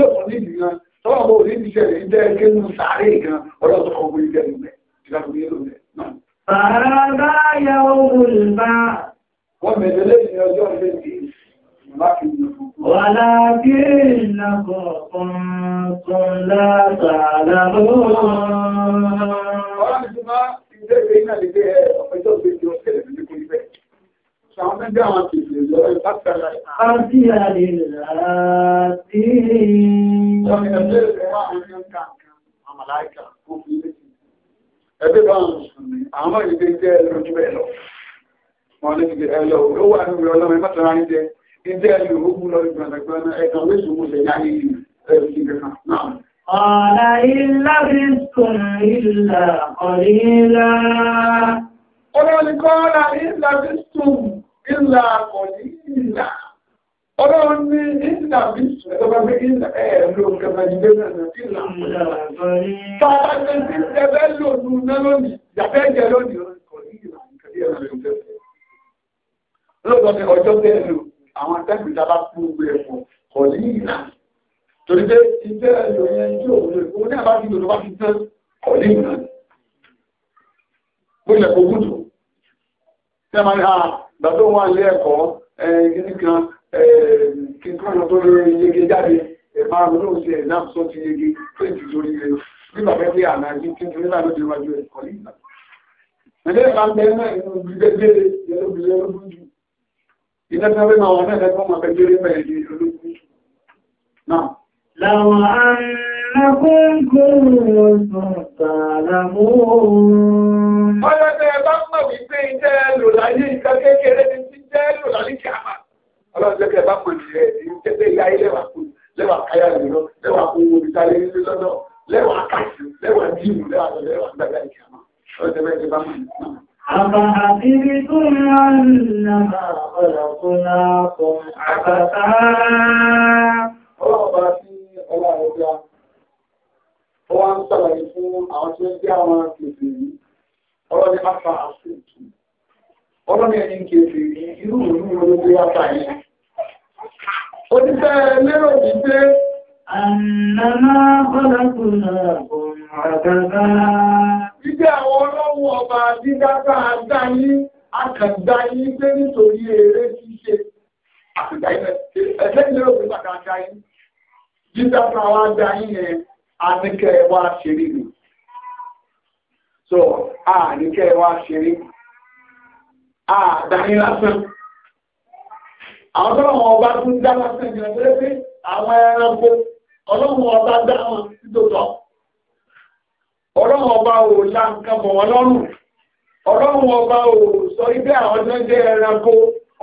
ó fún ní ìdìgbà, tọ́wọ́ bó ní Wàlákìnnàkọ̀ ọ̀tọ̀ látàlàmọ́. Ọlọ́run ti máa ń jẹ́ ìgbé iná lè gbé ọ̀pẹ́jọ́ ìgbé ọ̀pẹ́jọ́ ìgbé kò ní bẹ́ẹ̀. Àti àdìlá tí Ẹgbẹ́ bá ń sùn ní àwọn ìgbé jẹ́ ẹlọ́jú bẹ́ẹ̀ lọ. Wọ́n ní ìgbé ẹlọ́, ó wà ní ìrọ̀lọ́mẹ́ mọ́tàrá ní jẹ́ ìjẹ́ ìlú ogun lọ ìgbàlagbà ẹ̀kan lóṣù Ọlọ́run kọ́ ọ̀la ilá fi ìlà ọ̀lẹ́lá. Ọlọ́run ní ìlà fi ìlà ẹ̀rọ kẹfà ìgbé ti ti ẹgbẹ́ lòdù náà lónìí, ìyàfẹ́ jẹ lónìí ọ̀rọ̀ ìkọ̀lẹ́ ìlà ìkàdé ẹ̀rọ ìgbẹ́. Lọ́gbọ̀n ọjọ́ àwọn atẹ́gùn ìjọba fún gbogbo ẹ̀kọ́ kọ̀ ní ìlà torí pé iṣẹ́ ìròyìn ẹni tí òun lè fún ní àbájú ìlú bá fi tán kọ̀ ní ìlà bó ilẹ̀ kò gùn tó tí a máa ní àgbà tó wà lé ẹ̀kọ́ ẹ̀ẹ́gì kan kí n kọ́ ọ̀nà tó lórí yege jáde ẹ̀máà lóòrùn sí ẹ̀ náà sọ́ọ́ ti yege tó ìdí lórí rẹ̀ nígbà fẹ́ pé àná ẹ̀jí tí nígbà ló dé wájú ẹ̀kọ́ ní ìlà. Ẹ̀dẹ́ ń bẹ́ẹ̀ náà inú gbígbé gbére yẹlógbìlẹ́ jù ìdẹ́gbẹ́gbẹ́ àwọn ọ̀nà ẹ̀kọ́ máa pẹ̀lú orí pẹ̀lú ìlú olókùn náà láwọn àrẹ́kùn kúrò sọ̀tàràmù ohun ọlọ́dẹ̀ bá mọ̀ wípé ìjẹ́ lò láyé ìkà kékeré ní ti jẹ́ lò láyé kàmà ọlọ́dẹ̀ bá mọ̀ ìjẹ́ ìjẹ́ láyé lẹ́wà káyà lọ lẹ́wà kó wo ìtàlẹ́ nílé lọ́dọ̀ lẹ́wà ìjẹ́ أفحسبتم أنما خلقناكم عبثا ọlọ́ọ̀bá ń sàlàyé fún àwọn tí ó jẹ́ àwọn kèfèrí ọlọ́ni afa àṣùtù ọlọ́ni ẹni kèfèrí irú ìlú olóògbé afa yẹn ó ti fẹ́ lérò wípé àdàdà. Ìgbẹ́ àwọn ọlọ́wọ́ ọba dídáta àdáyí, àkàndáyí pé nítorí eré ṣíṣe. Ẹ̀lẹ́yìn ló fi pàtàkì ayé. Dídáta wa dáyí yẹn, a ní kẹ́ ẹ wá ṣeré nù. So, a ní kẹ́ ẹ wá ṣeré. A dáyí lásán. Àwọn tọ́lọ́wọ́ ọba tún dá lásán jẹ́ pé àwọn ẹranko ọlọ́run ọba dá wọn títòtọ́. ọlọ́run ọba ò la nǹkan mọ̀ wọn ọlọ́run ọba ò sọ ibẹ̀ àwọn tó ń jẹ́ ẹranko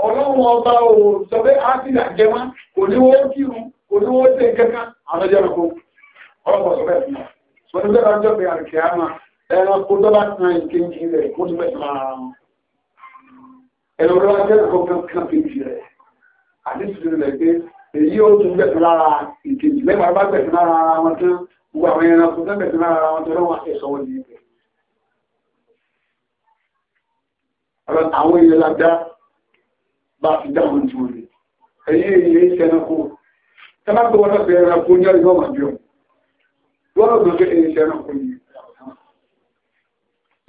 ọlọ́run ọba ò sọ pé kò ní wọ́n kírun kò ní wọ́n àwọn ẹranko ọlọ́run bẹ́ẹ̀ fún sọ ní bẹ́ẹ̀ pé àmà ẹranko tó bá ìkejì rẹ̀ kó bẹ́ẹ̀ gbogbo àwọn ẹranko tó bẹ̀rẹ̀ lára ara wọn tó lọ́wọ́ ẹ̀sọ́ wọn nìyẹn àwọn èèyàn lágbá bá fi dá wọn tí wọ́n lè ẹ̀yẹ́ èèyàn iṣẹ́ ẹranko tẹ́lá tó wọ́n lọ́pẹ̀ ẹranko ní ọjọ́ màbíọ̀ wọ́n lọ́pẹ̀ pé èèyàn iṣẹ́ ẹranko ni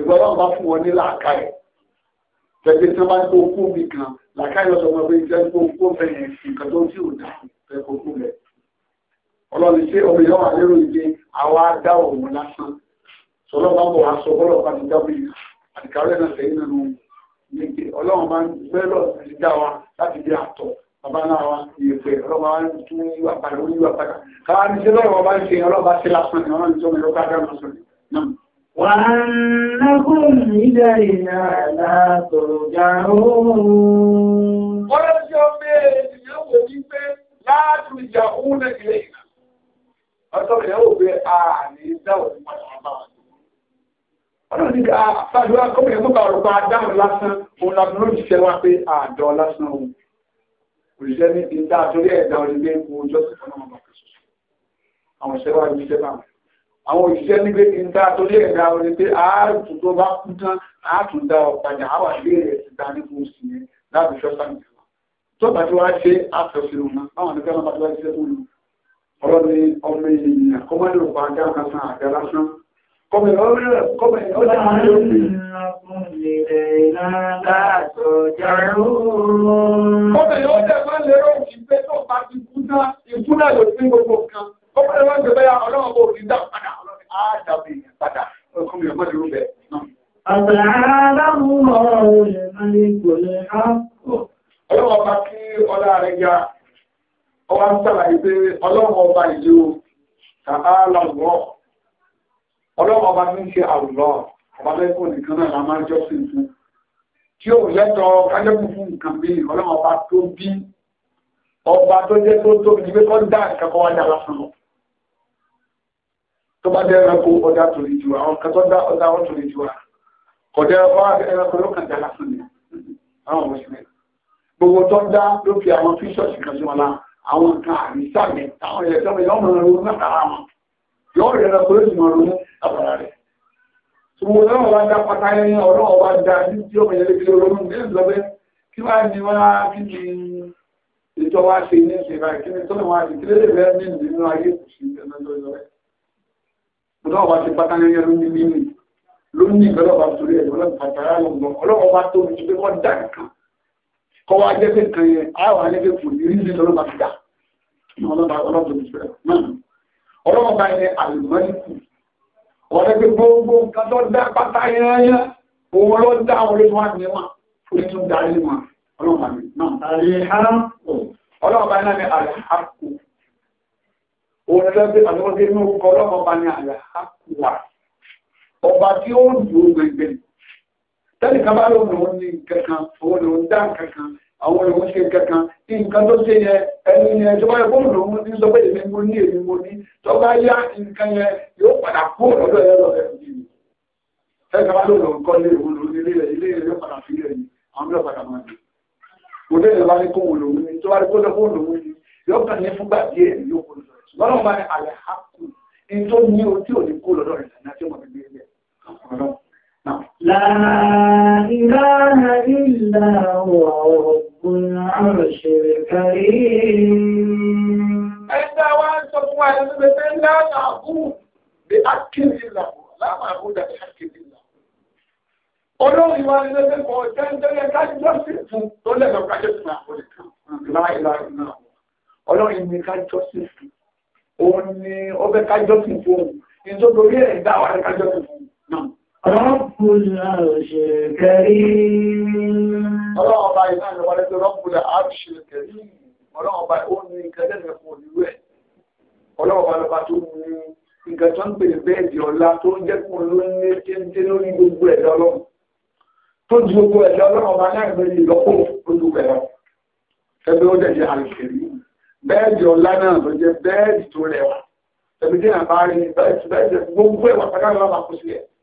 ìgbọ́n wọn bá fún wọn ní làákàyè tẹ́gbẹ́ tí wọ́n bá tó kó mi kan làákàyè ọ̀sọ̀ wọn pé iṣẹ́ tó kó bẹ̀yẹn nǹkan ọlọ́ni tí omi yọ́ wà lérò ìgbé àwọn adá òun lásán sọlọ́pàá bọ̀ wá sọ bọ́lọ̀ pàdé dábìlì àdìkárẹ́ náà sẹ́yìn nínú nígbè ọlọ́run máa ń gbẹ́lọ̀ sí dá wa láti bí àtọ̀ bàbá náà wa ìyẹ̀pẹ̀ ọlọ́pàá wa ń tún yíwà padà ó yíwà padà káwá ní sí lọ́rọ̀ bá ń ṣe ọlọ́pàá sí lásán ni ọlọ́run tó mi lọ́pàá dá lọ sọ وأنكم إلينا لا ترجعون. ولا يوم يوم يوم لا ترجعون إلينا ọjọ́ ìyẹn ò pé ààrẹ dáwọ̀ ní padà bá wa. ọlọ́run ní àfàdúrà kọ́mọ̀ yẹn mọ́kà ọ̀rọ̀ pa dáhùn lásán òun la fún òṣìṣẹ́ wa pé àjọ lásán òun òṣìṣẹ́ ní ti dá àtúrí ẹ̀dá orílẹ̀ èkó ọjọ́ sí fún ọmọ àwọn òṣìṣẹ́ wa ní iṣẹ́ bá wọn àwọn òṣìṣẹ́ ní pé kí n dá torí ẹ̀dá orin pé ààtù tó bá kú tán ààtù dá ọ̀padà àwà ilé rẹ̀ ti dá ní fún òsì yẹn láàbùsọ̀ sáà nìkan tó bá ti wá ṣe àfẹ́fẹ́ òun náà báwọn ọ̀dọ́gbẹ́ ọ̀rọ̀ ni ọmọ ènìyàn kọ́ máa lò pa ajá lásán àjá lásán kọ́mẹ̀ ọjọ́ àwọn olóòrùn kọ́mẹ̀ ọjọ́ ẹ̀fà lérò ìgbẹ́ tó bá ti kúná ìkúná lò sí gbogbo kan kọ́mẹ̀ ọjọ́ ìgbẹ́ ọlọ́run kò rí dá padà ọlọ́run á dàbí ìyẹn padà kọ́mẹ̀ ọwá ń sàlàyé pé ọlọ́run ọba ìlú tààlà wọ́ ọlọ́run ọba ní ṣe àwùlọ́ ọba lẹ́kọ̀ọ́ nìkan náà la máa jọ́sìn fún tí ó lẹ́tọ̀ kájẹ́kùn fún nǹkan bí ọlọ́run ọba tó bí ọba tó jẹ́ tó tóbi ní pé kọ́ dá nǹkan kọ́ wá dá lásán lọ tó bá dẹ́ ẹranko ọ̀dà tó lè jù àwọn kan tó dá ọ̀dà wọn tó lè jù wa kọ̀dẹ́ ọba ẹranko ló kàn dá lásán ni àwọn òṣèré gbogbo tó dá ló fi àwọn fíṣọ̀sì kan sí wọn láàrín àwọn nǹkan àrísà yẹn táwọn yẹn tọ́wọ́ yọ ọmọ ronú látara wọn yọ rẹ̀ rẹ̀ kó lóṣù mọ̀ ronú àbàrà rẹ̀ ṣùgbọ́n ọlọ́run bá dá pátá yẹn ọlọ́run bá dá ní tí ọmọ yẹn lè fi ronú ní ìlú kí wàá ní wá kí ni ìjọ wa ṣe ní ṣe báyìí kí ni tó lè wá sí kí lè bẹ́ẹ̀ ní ìlú ayé kò sí ìjọ lọ́gbẹ́ ọlọ́run bá ti pátá yẹn ló ní nínú kọ́ wá jẹ́ pé nǹkan yẹn àwọn alẹ́gbẹ́ kò ní rí nílò ọlọ́ba ti dà ọlọ́ba ọlọ́ba ti fẹ́ ọlọ́ba yẹn àlùmọ́nìkù ọ̀rẹ́gbẹ́ gbogbo nǹkan tó dá pátá yẹn òun ló dá àwọn olóṣùwà ní wọn onítún darí wọn ọlọ́ba mi náà. ọlọ́ba náà ni àlàákù òun lọ́gbẹ́ àtọ́gbẹ́ inú ọlọ́ba ni àlàákù wà ọba tí ó dùn gbẹ̀gbẹ̀ tẹ́lẹ̀ kan bá lóun lòun ní kankan òun lòun dá kankan àwọn lòun ṣe kan nǹkan tó ṣe yẹ ẹni yẹn tó bá yẹ fóun lòun ní sọ pé èmi mo ní èmi mo ní tó bá yá nǹkan yẹn yóò padà kó lọ́dọ̀ yẹn lọ́dọ̀ yẹn jì mí tẹ́lẹ̀ kan bá lóun lòun kọ́ lé òun lòun nílé rẹ̀ ilé rẹ̀ yóò padà fi rẹ̀ ni àwọn mìíràn padà máa dùn mo dé ìlú bá ní kóun lòun ní tó bá ní kó lọ́kọ́ lòun ní yóò kàn ní fúgbà díẹ̀ yóò kó lọ́dọ̀ لا إله إلا هو رب العرش الكريم أنت وأنت وأنت لا نعبد بحق إلا هو لا معبود بحق إلا هو olórí wa ní lẹ́sẹ̀ kọ́ jẹ́ńdẹ́lẹ́ kájọ́ sí fún tó lẹ́sọ̀ kájọ́ sí máa wọlé kan láì láì náà olórí ní kájọ́ sí fún òun ni ó fẹ́ kájọ́ sí fún òun ní tó torí رب العرش الكريم الله باي نحن ولد رب العرش الكريم الله باي أوني كذا نقول له الله باي باتوني nǹkan tó ń pè bẹ́ẹ̀ di ọlá tó ń jẹ́kùn ló ń ní téńté lórí gbogbo ẹ̀dá ọlọ́run tó ju gbogbo ẹ̀dá ọlọ́run ọba náà gbé ìlọ́pọ̀ olùgbẹ̀ lọ ẹgbẹ́ ó dẹ̀ jẹ́ àìsèrí ló jẹ́ tó rẹwà ẹ̀mí tí nàbá rí bẹ́ẹ̀dì gbogbo ẹ̀wà pátá lọ́wọ́ àkóso ẹ̀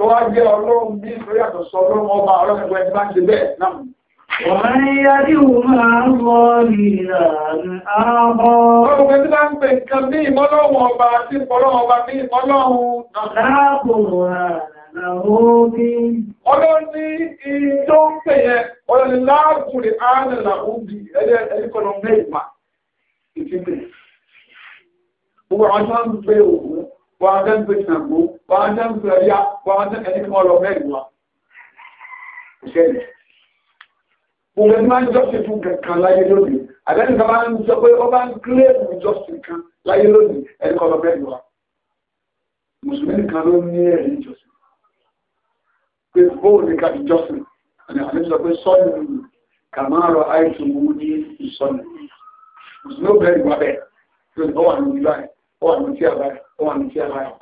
tó wá jẹ́ ọlọ́run bí ìfẹ́ yàtọ̀ sọ ọlọ́run ọba ọlọ́run ẹgbẹ́ bá ṣe bẹ́ẹ̀ náà. Wọ́n yá dí òun máa ń lọ ní ìlànà àbọ̀. Ọlọ́run ẹgbẹ́ bá ń pè nǹkan bí ìmọ́lọ́run ọba àti ìmọ́lọ́run ọba bí ìmọ́lọ́run náà. Láàbò àlànà òbí. Ọlọ́run ní ìjọ ń pè yẹn, ọlọ́run láàbò rẹ̀ àlànà òbí ẹ̀ẹ́dẹ́gbẹ̀rún mẹ́ẹ̀mà. Ìfipè. Gbogbo àwọn tí wọ́n ń gbé òun wọ́n á dẹ́nu pé ṣàǹkó wọ́n á dẹ́nu pé ẹ̀yà wọ́n á dẹ́nu ẹni kí wọ́n lọ mẹ́rin wa. ìṣẹ́lẹ̀ òun ẹni máa ń jọ́sìn fún kankan láyé lónìí àbẹ́ni kan máa ń sọ pé ó bá ń kílẹ̀mù jọ́sìn kan láyé lónìí ẹni kọ́ lọ mẹ́rin wa. mùsùlùmí kan ló ní ẹ̀rí jọ́sìn pé bóun ní káfí jọ́sìn àti àmì sọ pé sọ́ọ̀nù kàmáàrọ̀ àìsùn mú ní ìsọ̀nù mùsùlùmí ó bẹ̀rẹ̀ wà bẹ́ẹ̀ wọ́n ní tí a báyìí wọ́n ní tí a báyìí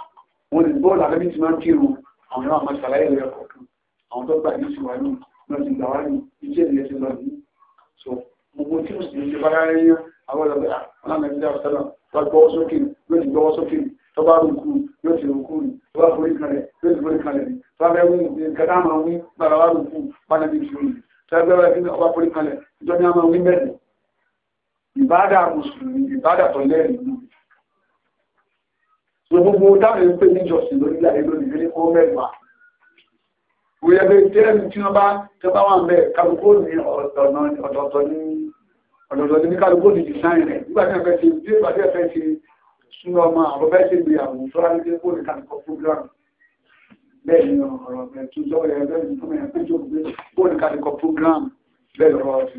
wọ́n ní bọ́ọ̀lù alẹ́bí ti máa ń kírun àwọn náà máa ṣàlàyé rẹ̀ kọ̀ọ̀kan àwọn tó gbà yóò sì wà ní náà ti gbà wá ní iṣẹ́ ìlẹ̀ ti lọ nìyí so gbogbo tí ó sì ń ṣe bára rẹ̀ yẹn àwọn ọ̀dọ́ ọlọ́mọdé ní àwòsánà tó gbọ́wọ́ sókè yóò ti gbọ́wọ́ sókè tó bá rò kú yóò ti rò kú ni tó bá forí kalẹ̀ yóò ti forí kalẹ̀ ni tó bá fẹ́ wí nǹkan náà máa wí gbàrà wá rò kú pálí ní ìṣòro ni tó bá fẹ́ wí ọba forí kalẹ̀ ìjọ ni a máa wí mẹ́rin ìbádà mùsùlùmí ìbádà tó lẹ́rìí gbogbo táwọn èèyàn pè níjọsìn lórí ilẹ̀ lónìí ní ó mẹ́wàá wòye bẹ tẹ́lẹ̀mù tí wọ́n bá tẹ́bá wọn bẹ kálukó ní ọ̀dọ̀ọ̀dọ̀ ní ọ̀dọ̀ọ̀dọ̀ ní kálukó ní design rẹ̀ nígbà tí wọ́n fẹ́ ṣe bí ìgbà tí wọ́n fẹ́ ṣe súnmọ́ ọmọ àwọn fẹ́ ṣe gbé àwọn tó rárá ní kó ní kálukó program bẹ́ẹ̀ ni ọ̀rọ̀ bẹ́ẹ̀ tó jọ ẹ̀ bẹ́ẹ̀ ni tó mẹ́rin pé kó ní kálukó program bẹ́ẹ̀ lọ́wọ́ ti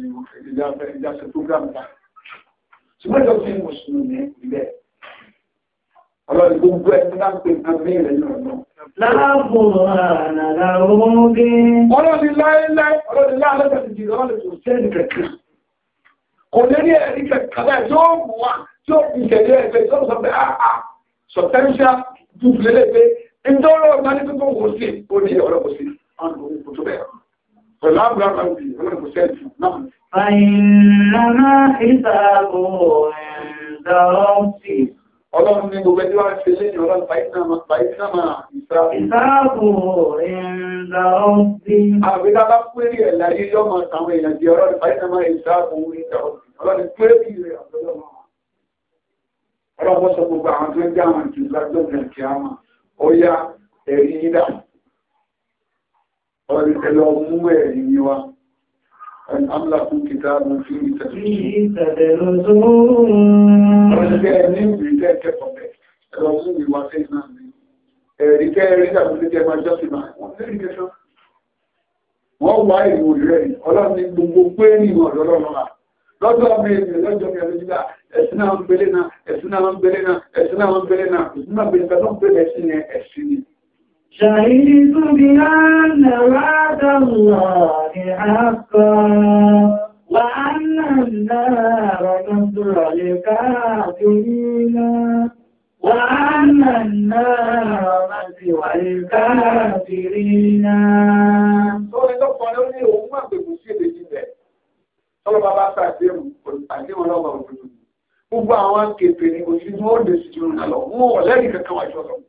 ìjà ṣe program ta ṣùgbọ́n ìjọba ti mùsùlùmí ìbẹ̀ Ọlọ́run gbogbo ẹ̀ nígbà pé nǹkan bẹ́ẹ̀rẹ̀ náà náà. Láàbò ànàrà oógé. Ọlọ́run láéláé, ọlọ́run láàlẹ́ tẹ̀sí jìnnà ọlọ́run kò sẹ́ni kẹ̀kẹ́. Kò lé ní ẹ̀rí kẹ̀kẹ́ báyìí yóò mú wa tí ó fi ìṣẹ̀lẹ̀ ẹ̀fẹ́ tó sọ pé àà ah, ah, substantial proof lélẹ́gbẹ́ ìjọ́rọ̀ ọ̀gá ní tuntun kò sí ó ní ọ̀rọ̀ kò sí ọ̀nà òun kò tó bẹ̀rẹ̀. Pẹ̀lú àbúrò àwọn òbí ọlọ́run kò sẹ́ni náà. Àìlànà ìsàkó ẹ̀ńdà ọ̀sìn. Ọlọ́run ní gbogbo ẹjọ́ wọ́n ṣe lẹ́yìn ọlọ́run pàìsàmà ìsáà. Ìsáàbò ìrìnlá ọ̀bí. Àbídá bá péré ẹ̀ láyé yọ́mọ̀ àtàwọn èèyàn jẹ́ ọlọ́run pàìsàmà ìsáàbò ìrìnlá ọ̀bí. Ọlọ́run péré rẹ̀ àbúrò. Ọlọ́run sọ gbogbo àwọn tó ń jẹ́ àwọn jù lájọ́ ìrìnkì àmà. Ó yá ẹ̀rí yídà. Ọlọ́run ẹlọ mú ẹ̀rí أم لكم كتاب فيه تدرسون ولكن بذلك فقط الرسول يوافقنا Ẹ̀ríkẹ́ ẹ̀ríkà tó lé jẹ́ máa jọ́sìn máa wọ́n lẹ́rìí kẹta. Wọ́n wá ìlú rẹ̀ ọlọ́run ní gbogbo pé ní ìwọ̀n ọ̀dọ́lọ́run à. Lọ́jọ́ mi ìrìn lọ́jọ́ mi ọdún jíga, ẹ̀sìn náà ń belé náà, ẹ̀sìn náà ń belé náà, ẹ̀sìn شهدت بأن وعد الله حقا وأن النار نصر لكافرين وأن النار مسوى الكافرين Ọlọ́pàá bá sáàdé àdéwọn lọ́wọ́ òjòjò. Gbogbo àwọn kèfèrè òṣìṣẹ́ ó dẹ̀ sí jùlọ náà lọ, wọ́n lẹ́rìí kankan wájú ọlọ́pàá.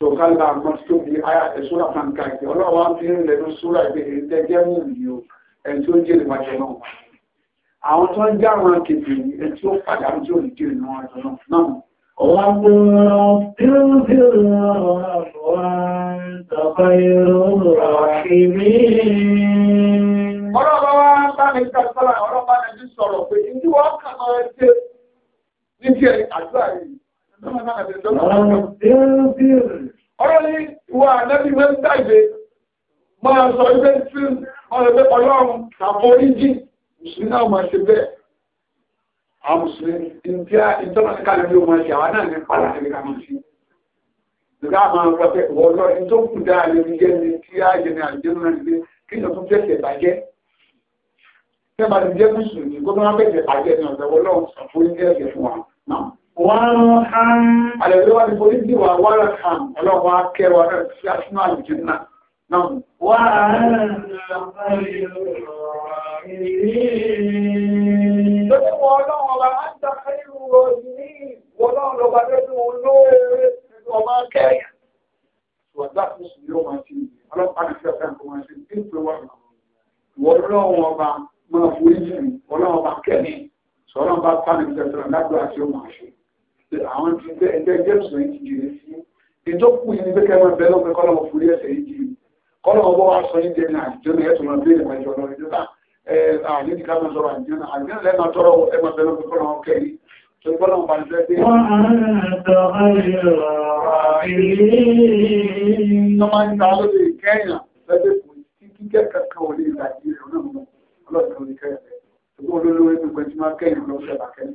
so kálá àmọ́ tóbi ẹ̀ṣúra kan káàkiri ọlọ́wọ́ á fi ń lẹ́nu ṣúra ìgbèrè tẹ́jẹ́ mú yìí o ẹni tó ń jẹ́ ìwájú náà wà. àwọn tó ń já àwọn akẹ́kẹ̀ẹ́ yìí ẹni tó padà ń jẹ́ òdìdí ìrìnà àjọ náà. ọ̀wọ́n mú wọn tí ó fi rán wọn tọ́kọ irú rọ̀ṣì mí. ọlọ́wọ́ wa ń bá mi ká sọ́la ọlọ́wọ́ wa ń sọ̀rọ̀ pé ìdíwọ́ kàn án ṣe ní Ọ̀rọ̀ ni wà nẹ́bí mẹ́ dáìbé, máa sọ ibẹ́ tí ọ̀rẹ́bẹ́ ọlọ́run àforíjì, Mùsùlùmí náà máa ṣe bẹ́ẹ̀. A Mùsùlùmí, ìjẹ́ ìjọba ní kàlẹ̀ ló máa ṣe àwọn náà ní pàdà ní ká máa ṣe. Ìgbà máa rọ pé ọlọ́ ìjọ kù dáa lè rí jẹ́ ní kí á jẹ́ ní àjẹ́ náà ní kí ìjọ tún jẹ́ tẹ̀ bàjẹ́. Tẹ́bà ti jẹ́ Mùsùlùmí, gómìnà bẹ̀rẹ̀ bàjẹ́ ní ọ̀dọ̀ ọlọ́run àforíjì ẹ̀jẹ̀ fún wa náà wárọ̀hán. Àlẹ́lẹ́wà ní orí bí wà wárọ̀hán ọlọ́wọ́ akẹ́wà rẹ̀ sí aṣínú àlùjẹ́ náà. Wárọ̀hán. Lọ́tọ́wọ́ ọlọ́wọ́ ọba á ń dá ẹrù òjì ní ìwọ̀lọ́wọ́ lọ́ba lẹ́nu olóòrè ọmọ akẹ́yà. Wàdá fún sí yóò máa ṣe ọlọ́pàá ní fẹ́ fẹ́ kó máa ṣe ní ìpè wà. Ìwọ̀lọ́wọ́ ọba máa forí jìn ọlọ́wọ́ ọba kẹ́ni. Sọ̀rọ̀ bá pàdé ìjọba lágbàá tí ó máa ṣe àwọn ti tẹ́ ẹgbẹ́ james rẹ̀ ti jìnnà sí ìjókòó yìí ní pé kẹ́mọ́ bẹ́ẹ̀ lọ́pẹ́ kọ́lọ́mọ forí ẹsẹ̀ yìí jìnnà kọ́lọ́mọ bọ́ wá sọ yíjẹ ní àjọ ní ẹ̀tọ́ náà bẹ́ẹ̀ nípa ìjọ náà ìjọba àní ní ká máa sọ̀rọ̀ àjọ náà àjọ náà lẹ́nu àtọ́rọ̀ ẹ̀mọ́ bẹ́ẹ̀ lọ́pẹ́ kọ́lọ́mọ kẹ́rì tó kọ́lọ́mọ bá ń fẹ́ dé. wọ́n á tọ́ ayọ̀ ilé. wọ́n máa ń ta lóde kẹ́yìn lẹ́gbẹ̀ẹ́ kò sí kíkẹ́ kankan wọlé ìdájí rẹ̀ ọ̀nà ọlọ́ọ̀kan ní kẹ́yìn rẹ̀ ṣùgbọ́n olólùwẹ́ gbogbo ẹni máa kẹ́yìn lọ́sẹ̀ bá kẹ́yìn.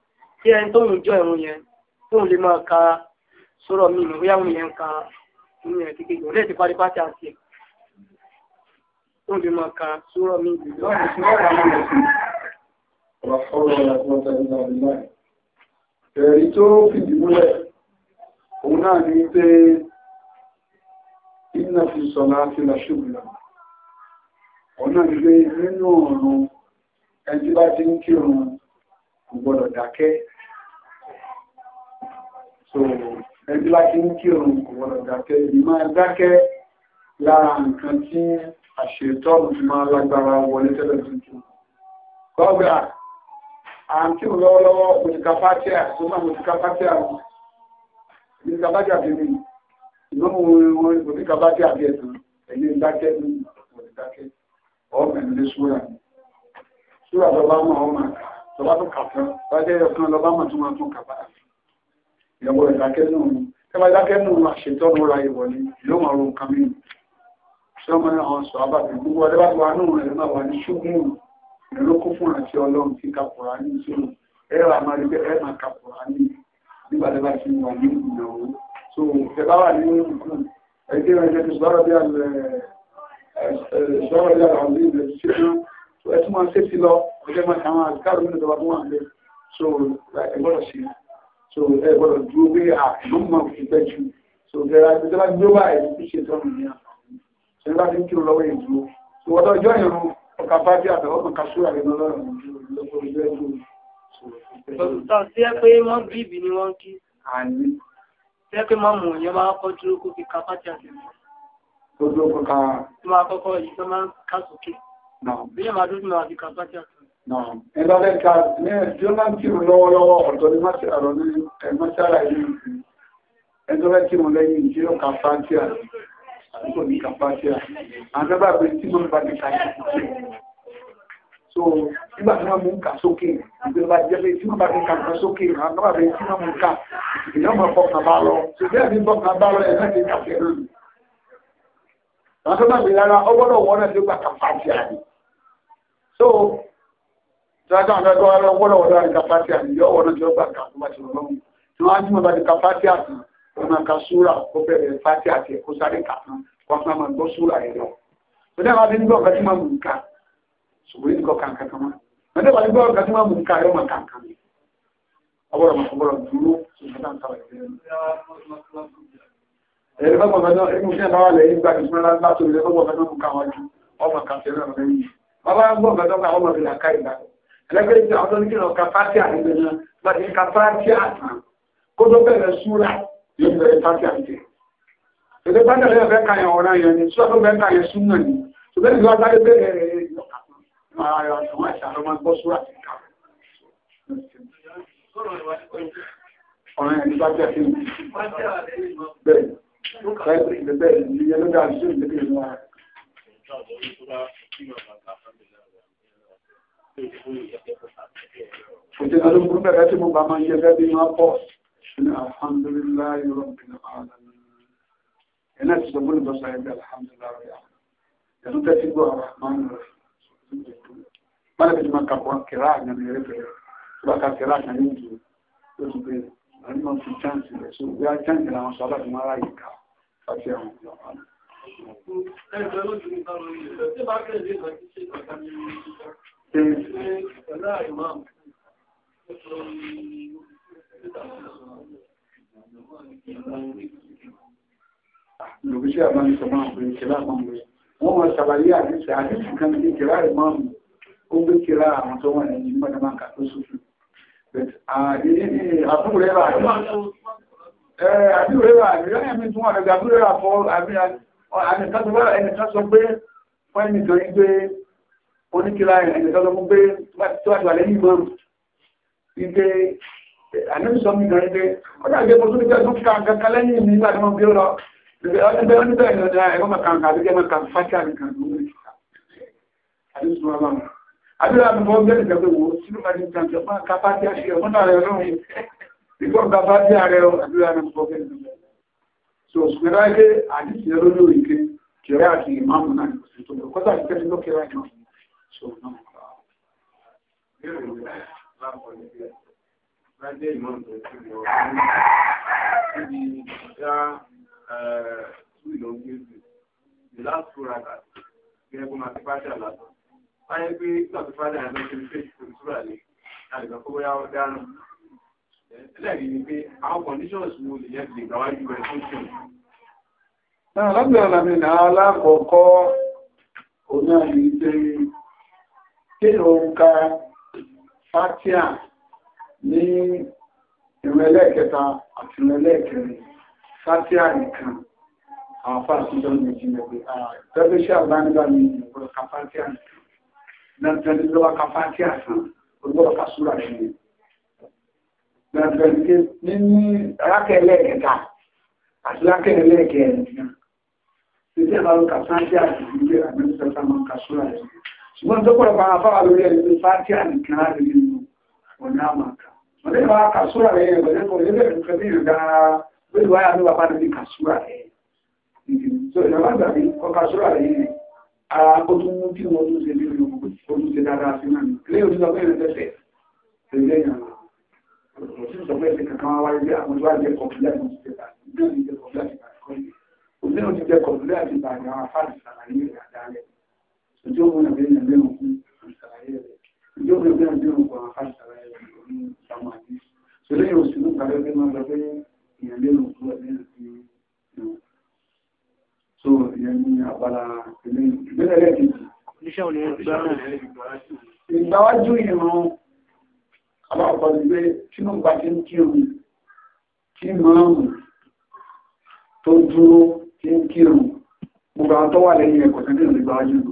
kí ẹni tó ń jọ ẹ̀rùn yẹn tó ń lè máa ka sọ̀rọ̀ mi ní bóyá òun yẹn ń ka inú ẹ̀ kékeré òun lè ti parí àti ẹ̀ tó ń lè máa ka sọ̀rọ̀ mi Ẹ̀rí tó fìdí múlẹ̀, òun náà ní pé iná fi sọ̀lá àti làṣùgbìlà. Òun náà ní pé nínú ọ̀run ẹni bá ti ń kírun kò gbọ́dọ̀ dákẹ́ so ẹbí láti ń kí òun kò gbọ́dọ̀ dákẹ́ ìmọ̀ dákẹ́ lára nǹkan tí àṣetọ́nù ti máa lágbára wọlé tẹ́lẹ̀ tuntun kọ́gbà àǹtí lọ́wọ́lọ́wọ́ òtìkàfátíà tó máa òtìkàfátíà òtìkàfátíà ti rí ìmọ̀ òtìkàfátíà ti ẹ̀sùn ẹ̀yẹ ìdákẹ́ ní òtìdákẹ́ ọ̀gbẹ̀ni lé súra súra tó bá mọ̀ ọ́ máa kà lọ́ba tó kà tán lọ́jọ́ ẹ̀kan lọ́ba mọ̀ tó máa tún kà bá ìyàwó ìdákẹ́ nù tẹ́wọ́ ìdákẹ́ nù àṣetọ́nu ra ìwọ̀ ni yóò máa ro nǹkan mìíràn ṣé ọmọ àwọn sọ abàbí gbogbo ọdẹ bá ti wà nù rẹ̀ náà wà ní ṣúgbùn ìlú kún fún àti ọlọ́run tí kàpùrà ní ìṣòro ẹ̀rọ àmàlẹ́ pé ẹ̀rọ kàpùrà ní nígbà tẹ́ bá ti wà ní ìnáwó so ẹ bá wà ní ìlú ẹgbẹ́ é tún máa ṣe ọjọ́ máa àwọn àgbàrò nínú ìjọba fún àmì so ẹgbọ́rọ̀ sí so ẹgbọ́rọ̀ dúró pé àìmọ́ ìfẹ́ jù so gẹ̀rà ìjọba gbé wà ìlú ṣe tọ́nù ní àpàlú ṣe ń bá ti ń kírò lọ́wọ́ ìdúró so wọ́n tọ́jọ́ ìrún ọkà bá bí àtàwọn ọmọ kasú àrẹ náà lọ́rùn lọ́gbọ̀rọ̀ Bí ẹ̀ máa dúdú máa fi kàpátí àti Ẹgbẹ́ fẹ́ ká ní ẹjọ́ máa ń kírun lọ́wọ́lọ́wọ́ ọ̀dọ́ ní mọ́ṣára yìí. Ẹjọ́ fẹ́ kírun lẹ́yìn tí ó kàfáàtíà. Àdúgbò ní kàfáàtíà. Àgbẹ́bà pé tí mo bá ní kàfáàtíà. So, nígbà tí wọ́n mú ká sókè, ìgbẹ́bà jẹ́ pé tí wọ́n bá ní kàfá sókè, àgbẹ́bà pé tí wọ́n mú ká, ìyá máa fọkàn bá lọ. Ṣùgbẹ́ mi fọkàn bá lọ ẹ̀fẹ́ ti kàfẹ́ náà. Àwọn So, sọ́dọ̀ àwọn ọ̀dọ́ ọ̀rọ̀ wọ́lọ̀ wọ́lọ̀ àti kàfàtì àti yọ́ ọ̀rọ̀ tí ó bá kà fún àti ọlọ́run tí wọ́n á jùmọ̀ bá ti kàfàtì àti ọmọ ẹ̀ka súra ó bẹ̀rẹ̀ fàtì àti ẹ̀kọ́ sáré kà fún wọn fún ọmọ ẹ̀gbọ́ súra ẹ̀ lọ. ọ̀dọ́ àwọn adéńgbọ́ ọ̀gá tí máa mú nǹka ṣùgbọ́n ìdíkọ̀ kàǹkà kan mọ́ ọ̀dọ́ àwọn adéńgbọ́ ọ̀gá tí máa mú nǹka yọ máa kàǹkà mi. ọwọ́rọ̀ mọ̀ ọwọ́rọ̀ dúró ṣùgbọ́n táǹkà wà lẹ́yìn. ẹ̀rọ bá mọ̀ ọ̀gá ẹ̀mú sí àbáwá lẹ́yìn gbà kí sọ́nà látòrí ẹ̀rọ bá mọ̀ ọ̀gá ọmọ ọmọ ìlàkà ẹlẹ́gbẹ́ ìgbà ọdún ní kí lọ ka fátíà níbẹ̀ náà bá ti ka fátíà tán kó tó bẹ̀rẹ̀ súra yóò bẹ̀rẹ̀ fátíà níbẹ̀. èdè fátíà lẹ́yìn fẹ́ ka yẹn ọ̀ràn yẹn ni súra tó bẹ̀rẹ̀ ka yẹn sún náà ni ṣùgbọ́n ìgbà bá bẹ̀rẹ̀ rẹ̀ ọ̀ràn yẹn ni fátíà ti ń bẹ̀rẹ̀ bẹ̀rẹ̀ ìyẹn ló dá sí ìdíkì ìlú wa. Ìjẹ́ alókùn bẹ̀rẹ̀ tí mo bá máa yẹ gẹ́gẹ́ bí wọ́n pọ̀ ní alhamdulillahi rabbil alamin. Ẹ̀nà ti sọ mú ní bọ́sà ẹgbẹ́ alhamdulillahi rabbil alamin. Ẹ̀nà tẹ́tí gbọ́ lòbíṣí àbánisọ̀ máa ń pè kìlá máa ń pè wọ́n wọ́n ṣàlàyé àdíṣẹ́ àdíṣẹ́ kan ní kìlá ìmáàmù ó gbé kìlá àwọn tó wọ́n ẹ̀yìn mọ́ta máa kà tó sùfù àbúrẹ́ rà ìrọ́yìn mi tún wà lọ́gbà àbúrẹ́ rà fọ́ àmì ẹnìkan sọ pé fọ́ ẹnìkan ń gbé oníkìlá ẹ̀ẹ́dọ́gbọ́n pé tíwájú alẹ́ ní ìmọ̀rùn ìgbé àníbìsọ́mí kan ìgbé ọjọ́ àgbé mo tún ní pẹ́ẹ́sùn kankan kalẹ́ ní ìmú ìgbà tí wọ́n bí ó lọ ẹgbẹ́ oníbẹ̀ ìrọ̀dá ẹ̀rọ mọ̀kànkà àti jẹ́ mọ̀kànkà fáṣà nìkan lórí ìkà àdínsùn ọmọ àbílẹ̀ àbúkọ́ gbẹ́lẹ̀ ìjọba wo sínú mẹ́rin kan jọ máa ká fáṣà ṣe ọmọdé rẹ̀ lóhun ìgbọ́n ká fáṣà rẹ̀ àbílẹ̀ àbúkọ́ gbẹ́lẹ̀ ìjọba so ṣùgbọ́n láyé àdínsùn ẹ̀rọ lórí ìké kẹrẹ́ àti ìmáàmù náà kọ́sà ìkẹ́sì ló kẹrẹ́ àjọ so náà ká yóò rí lápọ̀ níbẹ̀ lájẹ́ ìmọ̀ tó ti lọ níbi ìdá tú ìlọ́gbé jù the last four hours gẹ́gẹ́ bó máa ti bá jà lásán báyé pé nígbà tó bá jà lọ sí ilé ìtura lè àlùkò kó bóyá ó dáná ẹlẹ́rìí ni pé àwọn conditions wo lè yẹ lè gbà wájú rẹ̀ fún ìṣòro. náà lọ́gbẹ̀rún àmì náà alákọ̀ọ́kọ́ òun náà ní í kí òǹkà fatia ní ìrẹ̀lẹ́kẹta àti ìrẹ̀lẹ́kẹrin fatia nìkan àwọn fásitì méjì mẹ́gbẹ̀ tẹ́lẹ́ṣẹ́ àbáníbà ní ìgbọ́dọ̀ ka fatia nìkan lẹ́tẹ̀lẹ́ lọ́wọ́ ka fatia sàn olùgbọ́dọ̀ ka súra sí i lẹ́tẹ̀lẹ́ ní rákẹ̀lẹ́kẹta àti rákẹ̀lẹ́kẹrin nìkan títí àwọn ka fatia àti ìgbẹ́ àmì ṣùgbọ́n tó pọ̀lọpọ̀ àwọn afáwà lórí ẹni tó fàájì ànìkan láti nínú ọ̀nà àmàkà wọ́n lè máa kàṣúrà rẹ̀ ẹgbẹ̀rẹ̀ kan lébẹ̀ nǹkan bí ìrìnà lórí wáyà ló wà bá níbi kàṣúrà rẹ̀ so ìjọba àgbà mi kọ kàṣúrà rẹ̀ yìí ara ó tún mú kí wọ́n tún ṣe bí ìrìnà ó tún ṣe dáadáa sí náà ilé ìwé sọ pé ìrìn tẹ́sẹ̀ ilé ìyàwó òṣìṣẹ́ sọ pé ìṣẹ́ kankan wáyé bí àwọn tó wà jẹ́ kọ̀ọ̀kìlẹ̀ àti ìṣẹ́ kọ̀ọ̀kìlẹ̀ àti ìṣẹ́ kọ̀ọ̀kìlẹ̀ àti ìṣẹ́ kọ̀ọ̀kìlẹ̀ àti ìṣẹ́ Sujuhuna bin nabiyin pé ìyẹn lẹ́nu tó wà tí yóò. So ìyẹn ní abala ilé tó dúró ti ń kírun gbogbo àwọn tó wà lẹ́yìn ẹ̀kọ́ tẹ́lẹ̀ ìgbàwájú lò.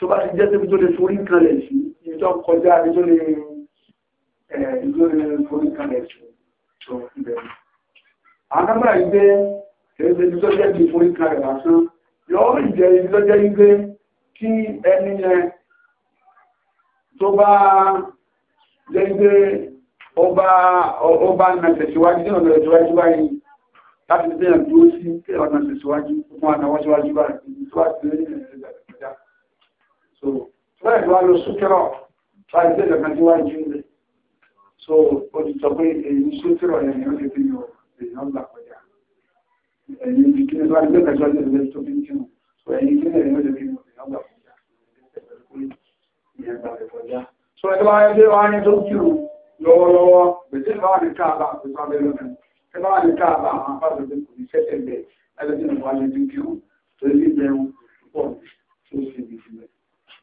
tó bá ti jẹ́ síbi tó lè forí kanlẹ̀ sí ìjọ kọjá àbí tó lè forí kanlẹ̀ sí tó ìbẹ̀rẹ̀. àkàbà ìgbé ẹgbẹ́ ibi tó jẹ́ bí forí kanlẹ̀ lásán yọ ìjẹ́ ibi tó jẹ́ igbé kí ẹni yẹn tó bá jẹ́ igbé ọba ọba nàìjíríwájú ní ọ̀nà ìjọwájú báyìí láti gbé ẹ̀dúró sí ọ̀nà ìjọwájú fún àwọn síwájú báyìí so bẹ́ẹ̀ ló wá lọ súnkẹ́rọ̀ láì tẹ́lẹ̀ kan tí wájú rẹ̀ so ó ti sọ pé èyí súnkẹ́rọ̀ èèyàn lè fi yọ èèyàn gbà kọjá èyí ti kí ni wá lé kẹjọ lè lè tó bí kí nù so èyí kí ni èèyàn lè fi yọ èèyàn gbà kọjá ìyẹn gbà kọjá so ẹgbẹ́ wáyé bí wáyé tó kírù lọ́wọ́lọ́wọ́ gbèsè bá ní káàbà pẹ̀lú abẹ́lẹ́mẹ̀ ẹgbẹ́ wáyé ní káàbà àwọn apáṣẹ tó kù ní sẹ́tẹ̀ẹ̀bẹ̀ ẹgbẹ́ tí wọ́n wáyé tó kírù tó lé bẹ̀rù púpọ̀ tó sì bí sílẹ̀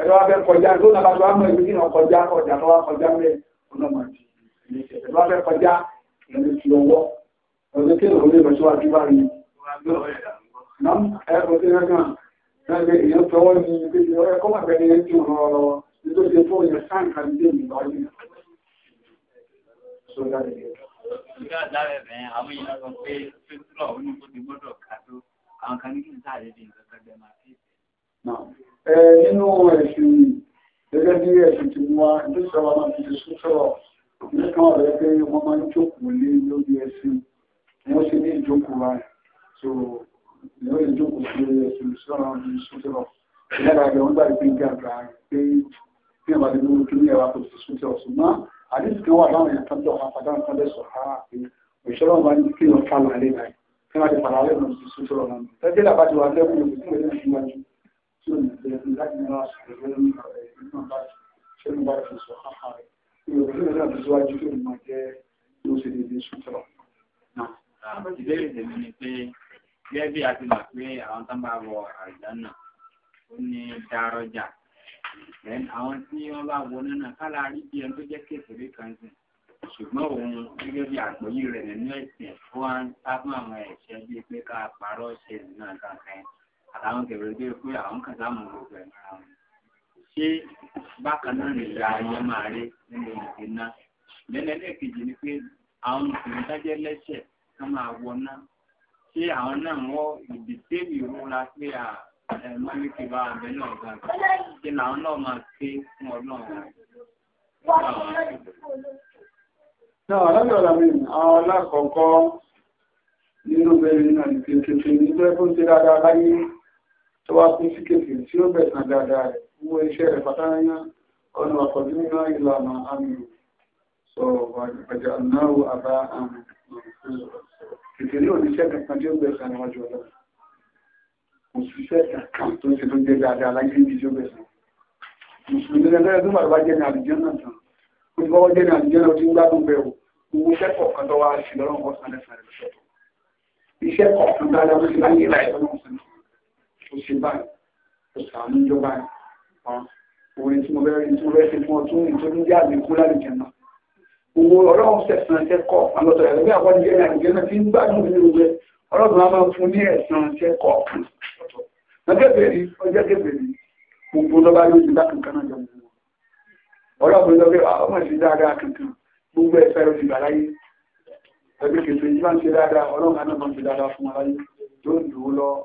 ẹ̀rọ abẹ́ kọjá tó nàbà tó àmọ́ ìlú nínú kọjá ọjà tó wá kọjá mẹ́ ọ̀nà màdì ẹ̀rọ abẹ́ kọjá ẹ̀rọ ti ọwọ́ ọjọ́ tí ìròyìn lè lọ síwájú bá rí ẹ̀rọ tí wọ́n kàn náà lè èèyàn tọwọ́ ní ibi ẹ̀kọ́ màgbẹ́ ni ẹ̀ ń tún ọ̀rọ̀ lọ́wọ́ nítorí fún ìyẹn sáǹkà ní dé ìgbàlódé Ìgbà àwọn èèyàn sọ pé fẹ́túrọ̀ onígbòdì gbọ́dọ̀ kàdó àwọn kan ní kí n sáà lè di nǹkan kan jẹ nínú ẹ̀sìn gẹ́gẹ́ bí ẹ̀sìn ti wá ní sọ́wọ́ máa ti sún sọ́rọ̀ nípa ọ̀rẹ́ pé wọ́n máa ń jókòó lé lórí ẹ̀sìn wọ́n sì ní ìjókòó wa so ìyọ́ ìjókòó sí ẹ̀sìn sọ́rọ̀ ní sún sọ́rọ̀ ìlera rẹ̀ wọ́n gbàgbé pé gàgà pé bí ẹ̀bà ti lórí kí ní ẹ̀wà kò sì sún sọ́rọ̀ ṣùgbọ́n àdéhùn kan wà láwọn èèyàn kan tó àpàdé àwọn kan lẹ́sọ̀ ha pé òṣèlú ọmọ ní kí wọ́n fà lálẹ́ báyìí kí wọ́n ti fà lálẹ́ lọ́sùn sọ́rọ̀ tí ó lè bẹ̀rẹ̀ láti máa sọ̀rọ̀ lórí ọ̀rọ̀ ìgbìmọ̀ bá ṣe ń bá fi sọ áhà rẹ̀. Ìròyìn náà ti síwájú kí òun máa jẹ́ bí ó ṣe lè ni pé gẹ́gẹ́ bí a ti mọ̀ pé àwọn tó ń bá wọ àìdánà ó ní dárọ́jà. Àwọn tí wọ́n bá wọ náà kálá rẹ̀ nínú ẹ̀sìn fún àwọn ẹ̀ṣẹ́ bíi pé ká parọ́ ṣe ìrìnà kankan àtàwọn kẹfẹ bíi pé àwọn kan sáà mọ gbogbo ẹ̀mí ara wọn. ṣé bákan náà lè ra ayé máa rí nínú ìdè náà lẹ́nu ẹlẹ́ẹ̀kejì ni pé àwọn mùsùlùmí dájẹ́ lẹ́sẹ̀ ká máa wọ náà ṣé àwọn náà wọ́n ìdìtẹ́ ìrora pé à mọ́lẹ́kì bá abẹ náà gan ṣé làwọn náà máa ké fún ọdún ọ̀hún. Náà lọ́dọ̀ làmì àwọn alákọ̀ọ́kọ́ nínú bẹ̀rẹ̀ náà ní kékeré ní pé kó ṣe dáadáa láyé tó wá kú sí kéfì tí ó bẹ̀sán dáadáa rẹ̀ owó iṣẹ́ rẹ̀ pátáyá ọ̀nà ọ̀pọ̀jú nínú ìlànà àmì so ọjà náà àbá àmì tètè ní oníṣẹ́ kankan tí ó bẹ̀sán níwájú ọlọ́run kò síṣẹ́ kankan tó ń ṣe tó ń jẹ́ dáadáa láyé níbi tí ó bẹ̀sán mùsùlùmí lẹ́gbẹ́rẹ́ tó bàbá jẹ́ ní àdìjẹ́ náà tán ó ti bọ́wọ́ jẹ́ ní àdìjẹ́ náà ó ti ń gbádùn bẹ̀ o owó iṣẹ́ kọ̀ọ̀kan tó wá sí lọ́rùn ọ̀sán lẹ́sàn-án iṣẹ́ kọ̀ọ̀kan dáadáa tó ti láyé láì ọ̀sán lẹ́sàn ó ṣe báyìí ó sàánú jọ báyìí tí mo bẹ́ rí tí mo bẹ́ ṣe fún ọtún ìtọ́jú jẹ́ àgbẹ̀kú láti jẹ̀ náà owó ọlọ́run sẹ̀sán ẹ̀kọ́ àlọ́tọ̀ ẹ̀rọ bí àwọn ìgbẹ́ náà ìgbẹ́ náà ti ń gbádùn ní gbogbo ọlọ́run a máa fún ní ẹ̀sán ẹ̀kọ́ ọ̀kan ọ̀tọ̀ lọ́gẹ́bẹ̀rẹ̀ ọjọ́ gẹ́bẹ̀rẹ̀ gbogbo lọ́ba ló ti bá kankan náà jọ gbogbo ọlọ́run lọ bí ọmọ ìṣe dáadáa kankan gbogbo ẹ̀fẹ́ ló ti gbà láyé ẹgbẹ́ kẹfẹ́ yìí máa ń ṣe dáadáa ọlọ́run á náà máa ń ṣe dáadáa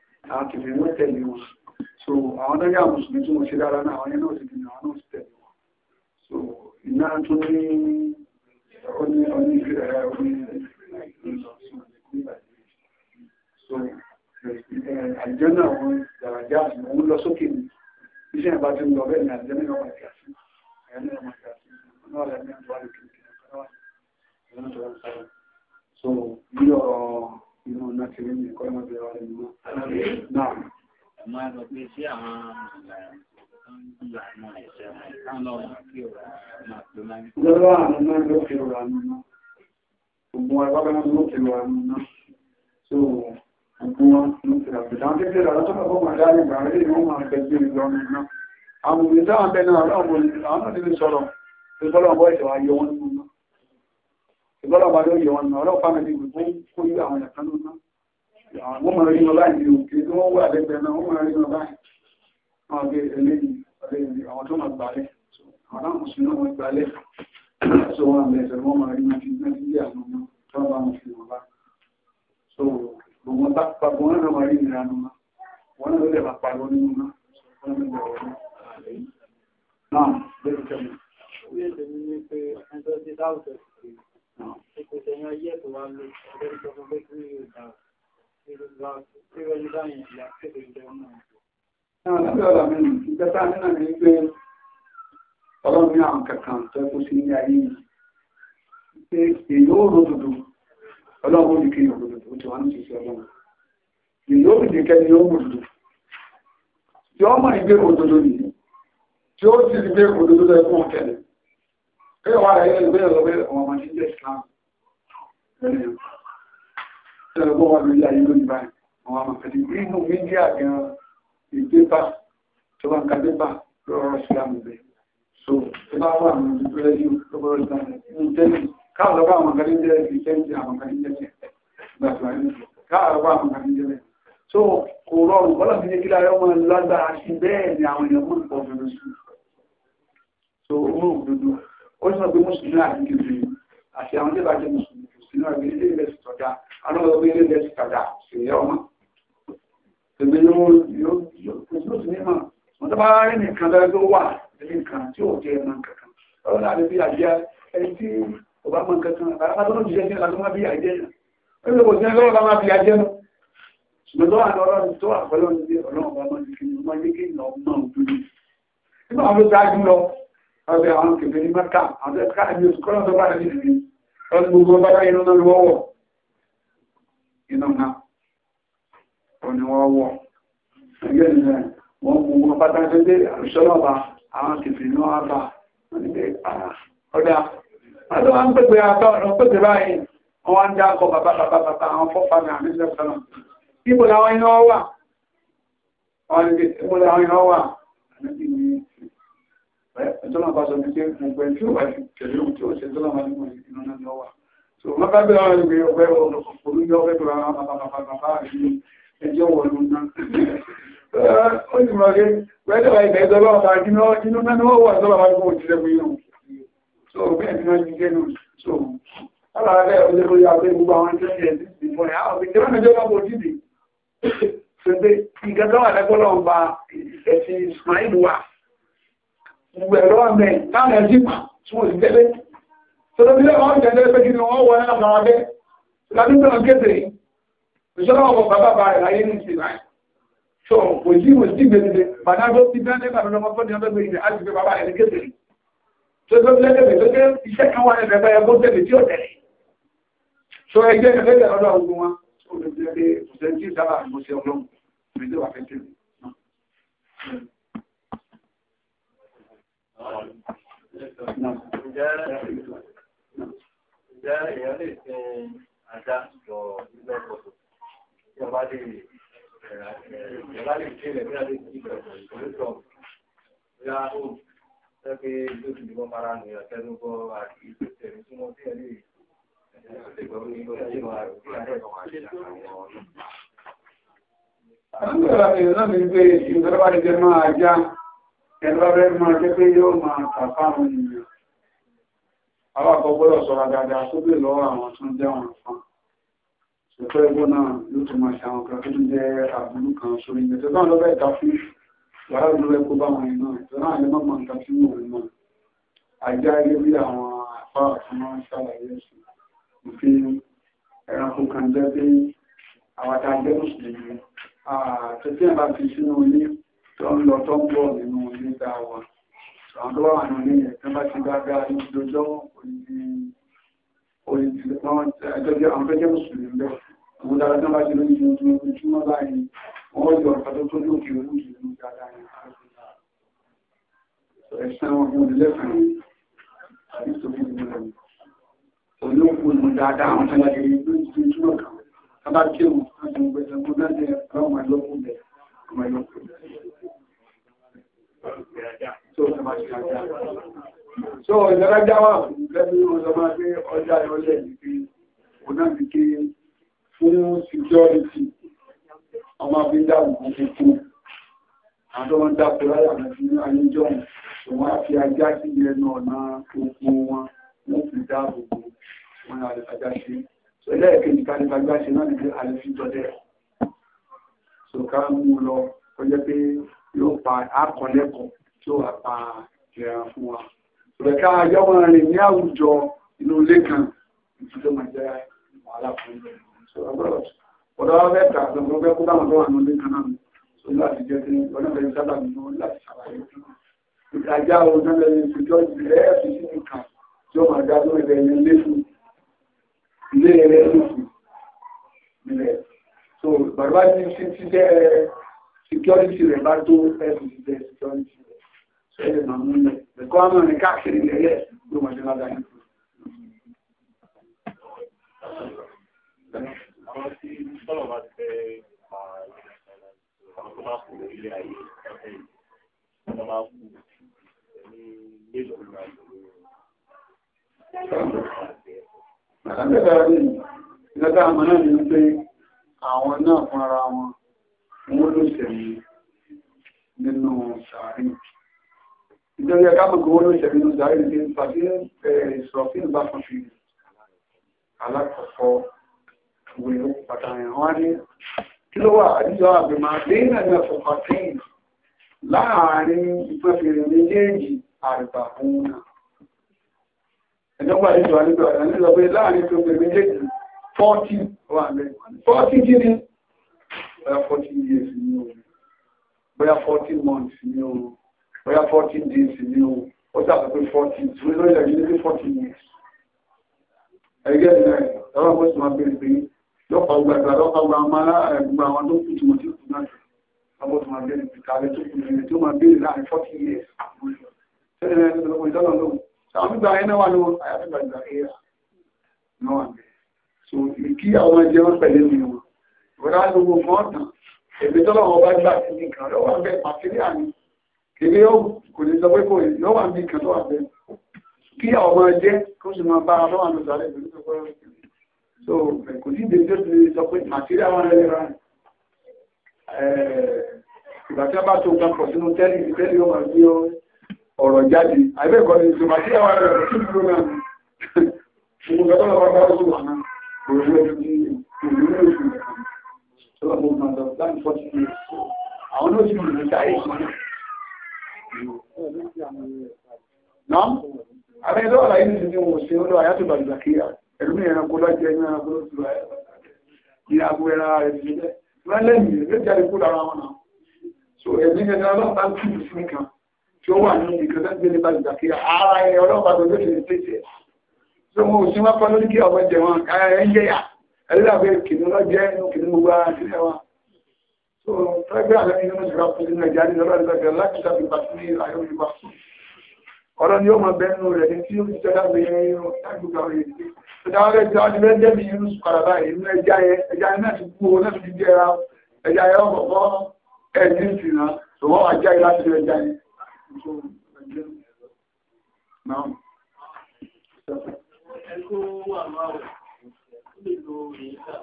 àwọn kìfìrí ló tẹ̀lé wọn so àwọn tó yà mùsùlùmí tí wọ́n ṣe dára náà àwọn yẹn náà ti dìnnà àwọn náà ti tẹ̀lé wọn so iná tó ní oní oní ìfẹ́ oní so àjẹ́ náà wọ́n dàrájá òun lọ sókè ní iṣẹ́ ìbá tí ń lọ bẹ́ẹ̀ ni àjẹ́ náà wọ́n ti àṣì àyẹ́ náà wọ́n ti àṣì náà lẹ́mí àjọ àlùkìkì náà so bí ọ̀rọ̀ inú ọ̀nà ti rí mi kọ́ ọ̀nà bẹ̀rẹ̀ wà nínú náà. ẹ máa lọ pé sí àwọn lọ́wọ́ àwọn náà ló fi rà nínú gbogbo wa ìwọ́gbọ́n náà ló fi rà nínú so gbogbo wa ló fi rà pẹ̀lú àwọn kékeré rà lọ́tọ́ bọ́ màdá ìgbà rẹ̀ ni wọ́n máa gbẹ̀gbẹ̀ lọ nínú àwọn òmìnir táwọn bẹ́ẹ̀ náà àwọn òmìnir sọ̀rọ̀ ìfọ́lọ́wọ́ ìṣẹ̀wà yọ wọn nínú ìgbọ́dọ̀ bá lóye wọn náà ọlọ́pàá mi gbogbo kó yí àwọn ẹ̀kan ló ná wọ́n mọ̀ rí wọn báyìí ní òkè tí wọ́n wà lẹ́gbẹ̀ẹ́ náà wọ́n mọ̀ rí wọn báyìí àwọn ọgbẹ́ eléyìí àwọn tó máa gbalẹ̀ àwọn àwọn mùsùlùmí náà wọ́n gbalẹ̀ so wọn àmì ẹ̀sẹ̀ wọ́n máa rí wọn fi nàìjíríà àwọn ọmọ tó bá wọn fi wọn bá so ìpèsè yan yẹ tó wá lò ọjọ́ ìjọba pé kí yóò dà ìrọ̀lá ìrọ̀lá yẹn ìyá kéde ìjọba náà. náà lábẹ́ ọ̀la mi ìgbà tá a nínà ní pé ọlọ́run ní àwọn kankan tó kó sí ní ayé yìí pé èyí ó rò dòdò ọlọ́run ó ní kí yóò rò dòdò ó ti wá ní ṣiṣẹ́ ọlọ́run èyí ó rìndé kẹ́ni ó rò dòdò tí ọmọ ìgbé òdòdó nìyí tí ó sì rí pé òdòdó lọ ọ̀tẹ̀lẹ̀ Kí wà rẹ̀ yẹ́ ìgbéyàwó pé ọmọ ọmọ ṣíjẹ́ Islam? Ẹ̀rọ bọ́ wà lórí ayé lónìí báyìí, àwọn ọmọ pẹ̀lú nínú mídíà gan ìgbépà tó bá ń ka pépà lọ́rọ̀ Islam bẹ̀. So, tó bá wà ní ojú pẹ́lẹ́jú lọ́rọ̀ Islam ní tẹ́lẹ̀. Káwọn lọ́gbà àwọn kan ní jẹ́ ìṣẹ́ǹtì àwọn kan ní jẹ́ Káàrọ̀ bá àwọn kan ní jẹ́ So, kò rọrùn bọ́lá fi jẹ́ kí láyọ́ mọ́ lágbára sí bẹ́ẹ̀ ni àwọn èèyàn mú ìpọ̀ fèrè sí. So, ó mú òdodo ó sọ pé mùsùlùmí àti kìfì àti àwọn tí bàjẹ́ mùsùlùmí kò sínú ẹgbẹ́ ilé ilẹ̀ sì tọ́já alọ́wọ́ ẹgbẹ́ ilé ilẹ̀ sì tọ́já sì yẹ ọmọ ẹgbẹ́ yóò yóò yóò sì ní mọ̀ wọ́n tó bá rí nìkan lọ́wọ́ tó wà lórí nǹkan tí ò jẹ́ ẹran kankan ọlọ́run àti bí àjẹ́ ẹni tí ò bá mọ nǹkan kan àbára tó jẹ́ sí ẹ̀ka bí àjẹ́ yẹn ó lè kò sí ẹgbẹ́ bá máa fi àjẹ́ lọ ṣùgbọ́n tó wà ní ọlọ́run tó wà pẹ́lú ọlọ́run bá máa ń fi ọmọ ilé kéèyàn ọmọ òdúró nígbà wọn ló dájú lọ ọbẹ̀ àwọn kèfèrí mẹ́ta àwọn ẹ̀ka ẹ̀mí òṣùkọ́lọ́ tó bá rẹ̀ nílùú ọdún gbogbo bá rẹ̀ inú náà lọ́wọ́ inú náà òní wọ́n wọ́ ẹgbẹ́ ìrìnlẹ̀ wọ́n gbogbo pátá tó dé àrùsọ́lọ́ba àwọn kèfèrí náà bá ọdá ọdún wọn pẹ̀pẹ̀ àtọ́ ọ̀rọ̀ pẹ̀pẹ̀ báyìí wọ́n ń dákọ̀ bàbá bàbá bàbá àwọn fọ́fà ní àmì ìlẹ́sọ̀nà ibo làwọn iná wà ìtọ́nà bá sọ pé mo pẹ́ tí ó wà tẹ̀lé ohun tí ó ṣe tọ́nà máa ní mo ìdí náà ní ọwà so wọ́n bá bẹ̀rẹ̀ àwọn ìgbé ọgbẹ́ olú ní ọgbẹ́ tó ra àwọn bàbá àti ẹjọ́ wọ̀ ló ná ó sì mọ̀ pé pẹ́ẹ́tọ̀ ìgbẹ́ ìjọba ọ̀tà inú náà ni wọ́n wà sọ́ba máa ń kó òjì lẹ́gbẹ̀ẹ́ yìí so bẹ́ẹ̀ ni wọ́n ti jẹ́ nù so alára bẹ́ẹ̀ ọjọ́ lórí abẹ́ gbogbo àwọn tí ó ń jẹ́ sí ìfọ̀ yà àwọn ìjọba ìjọba kò jìdì ṣe pé ìgbàgbọ́ àdẹ́gbọ́lọ́ gbogbo ẹ̀rọ àmẹ́ táwọn ẹ̀sìn mà tí wọ́n sì tẹ́lẹ̀ tọ́lọ́ bí lẹ́wọ̀n ọ̀jẹ̀ tẹ́lẹ̀ pé kí ni wọ́n wọ ẹ̀rọ àwọn abẹ́ lábí tó ń kéde ìṣọ́lá ọkọ̀ bàbá bá rẹ̀ láyé ní ìsìn báyìí tó kò sí kò sí gbèdéde bàdá tó ti bẹ́ẹ̀ kan wà lẹ́gbẹ̀ẹ́ báyẹn kó tẹ̀lé tí ó tẹ̀lé so ẹgbẹ́ ẹgbẹ́ ọ̀dọ́ ogun wọn ó lè fi ẹgbẹ́ kò sẹ́ńtì sábà àgbọ̀sẹ̀ Ǹjẹ́ èèyàn lè sin ajá lọ nílẹ̀ ọ̀pọ̀tò? Tí ọba lè ìjọba lè ṣe ilẹ̀ bí a lè ṣe ìgbà ìgbà ìgbà ìgbà ìgbà pé lóṣù ní wọ́n fara nù ìyàtẹ́ ló bọ́ àti ìgbésẹ̀ ní súnmọ́ sí ẹ̀ lè ṣègbọ́ ní ìgbésẹ̀ yìí ẹ̀lọ́ máa jẹ́ pé yóò máa tàfà àwọn ènìyàn àwọn sọ́ra dáadáa tó bè lọ́wọ́ àwọn tó ń jẹ́ àwọn nǹkan ṣùgbọ́n ẹgbọ́n náà yóò tún máa ṣe kan tó ń jẹ́ àbúrú kan sórí ilẹ̀ tó bá lọ́wọ́ ẹ̀ta fún kó bá wọn iná ìtọ́ náà lè mọ́mọ́ nǹkan tí mò ń mọ̀ àjá ilé bí àwọn àpá àti máa ń ṣàlàyé ẹ̀sùn òfin ẹranko kan jẹ́ pé àwọn tá mùsùlùmí àtẹ̀tẹ̀ bá fi sínú ilé tó ń lọ tó ń bọ̀ nínú nígbà wa àwọn tó wà wà nínú yẹn tó bá ti gbága lójọ́ òyìnbí àwọn tó jẹ́ mùsùlùmí bẹ́ẹ̀ àwọn dára tó bá ti lójú ojúmọ́ báyìí wọ́n yọ ọ̀pá tó tó ní òkè òun jù ní dáadáa ní ẹ̀sán wọn fún ìlẹ́fẹ̀ẹ́ àti tó fún ìlẹ́fẹ̀ẹ́ olóòkú ní dáadáa àwọn tó yàgé ìlú ìtúnjúmọ̀ kan. Abájẹ́ So ìdárájá wà lẹ́bí ọjọ́má pé ọjà ìrọlẹ̀ ìpín ọ̀nà ti kí fún security ọmọ abídá òkú fún àdọ́wọ́ dápò láyà àti ayéjọ́ òun á fi ajá sí ẹnu ọ̀nà òkú wọn wọ́n fi dáàbò bò wọn àlẹ́fàjá sí. So ẹlẹ́ẹ̀kejì kálífàjá sí náà ní pé àlẹ́fíjọ́ dẹ̀. So ká mú lọ kọjá pé yóò pa akọ̀lẹ́kọ̀ọ́ tí ó wà pa ìrẹ̀ra fún wa. Ìrẹ̀ká yọ́mọ rẹ̀ ní àwùjọ inú ilé kan ìtúndó máa jẹ́ wàhálà fún mi. Ọ̀dọ́ mẹ́ta àgbẹ̀mọ́ fẹ́ kó dáwọn tó wà ní ilé kan náà. Sọlá láti jẹ́ kí ọ̀nà bẹ̀rẹ̀ sábà nínú láti ṣàlàyé fún wa. Ìtajà ọ̀nà bẹ̀rẹ̀ ìfìjọ́ ìrẹ́ ẹ̀sìn sí ìka tí ó máa dá lórí ẹ̀yẹ ilé fún ilé ẹ̀rẹ́ lófin. Ilẹ̀ so bàbá ní sí ti jẹ́ security rẹ̀ bá tó ẹ̀sùn ti bẹ̀ security rẹ̀ ṣe ẹ̀rẹ̀ máa mú lẹ̀ ẹ̀kọ́ àmọ́ rẹ̀ káàkiri lẹ́lẹ̀ ló wọ́n ṣe lágbàá yìí. Àwọn tí sọ́nà bá ti fẹ́ máa àwọn tó bá kù ní ilé ayé ọ̀fẹ́ yìí, wọ́n máa kú ní mélòó ní àjò. ìgbàgbọ́ àmọ́ náà ni wípé àwọn náà fúnra wọn wọ́n ló sẹ̀mí nínú sàárì nítorí ẹ̀ká gbogbo wọ́n ló sẹ̀mí nínú sàárì ní pàtí ìsọ̀fíìn bá fún fi alákọ̀ọ́kọ́ ìwé pàtàkì wọ́n ní kí ló wà àdíjọ́ àgbèmọ̀ àdéhìn ẹ̀mí ọ̀fọ̀fà tẹ́yìn láàárín ìpẹ́fẹ̀rẹ̀ méjèèjì àrùbà fún náà ẹ̀dọ́gbà àdíjọ́ àdíjọ́ àdíjọ́ pé láàárín ìpẹ́fẹ̀rẹ̀ méjèèjì 40 bóyá 14 years ni o bóyá 14 months ni o bóyá 14 days ni o ó sàbẹ̀ pé fourteen ṣùgbọ́n lórí ẹ̀yìn ní pé fourteen years. ẹgbẹ́ ìlà ẹ̀ lọ́wọ́ bó sì máa bẹ̀rẹ̀ pé lọ́pàá gbàgbà lọ́pàá gbà máa gbà àwọn tó kù tí mo ti kù náà jù lọ́pàá tó máa bẹ̀rẹ̀ ìtàlẹ̀ tó kù nílẹ̀ tó máa bẹ̀rẹ̀ láàrin fourteen years. sẹ́yìn ẹ̀ lọ́pàá ìdọ́nà lóhùn àwọn gbígbà ẹ̀ náà wà lóhùn àyàfi so kí àwọn ẹ̀jẹ̀ wọn pẹ̀lẹ́ mi wọn Rọ́dá gbogbo mọ́ọ̀nà, èmi tọ́lọ̀ wọn bá gbà sí nìkan lọ́wọ́ abẹ́ pàtíríà ni. Kèmí yóò kò ní sọ pé kò yìí lọ́wọ́ àbí nǹkan tó wà bẹ́ẹ̀. Kí àwọn ọmọ jẹ́ kó sì máa bá lọ́wọ́ àmì sàlẹ̀ ìlú tó kọ́ So kò sí ìdè tó ti sọ pé màtíríà wọn rẹ̀ rà. Ìgbà tí a bá tó nǹkan pọ̀ sínú tẹ́lì, tẹ́lì yóò máa gbé ọ̀rọ̀ jáde. Àìbẹ́ẹ̀kọ́ ni sọ màtíríà wọn rẹ̀ several movements of that for you. I want to see you retire. Now, àbẹ́ ìlú ọ̀la yìí ní wọ́n ṣe olú àyàtò bàjúbàkíyà ẹ̀rú ní ẹranko lọ́jẹ́ ní ẹranko lóṣù rẹ̀ ní àbú ẹra rẹ̀ ti jẹ́ lẹ́lẹ́mì ló jáde kó lára wọn náà so ẹ̀mí ẹ̀dá ọlọ́pàá ń túbù sí nǹkan tí ó wà nínú ìkan tó ń gbé ní bàjúbàkíyà ara ẹ̀ ọlọ́pàá tó lóṣù rẹ̀ tẹ̀sẹ̀ so mo sì wá pọ́ lórí kí ọmọ jẹ wọn káyà ẹ̀ ń jẹ́yà ẹlẹ́dàgbé kìnnú lọ jẹ́ inú kìnnú gbogbo ara sílẹ̀ so tẹ́gbẹ́ àlẹ́ inú mọ̀ ṣùgbọ́n fún nínú ẹ̀já nínú ọlọ́dẹ̀gbẹ̀ láti sábì bá sí ayé òyìnbá ọ̀rọ̀ ni ó mọ bẹ́nu rẹ̀ ní tí ó ti tẹ́lá gbé yẹn inú tágbùgbà rẹ̀ tó dáwọn ẹgbẹ́ tí wọ́n ti bẹ́ẹ̀ wà máa بنورها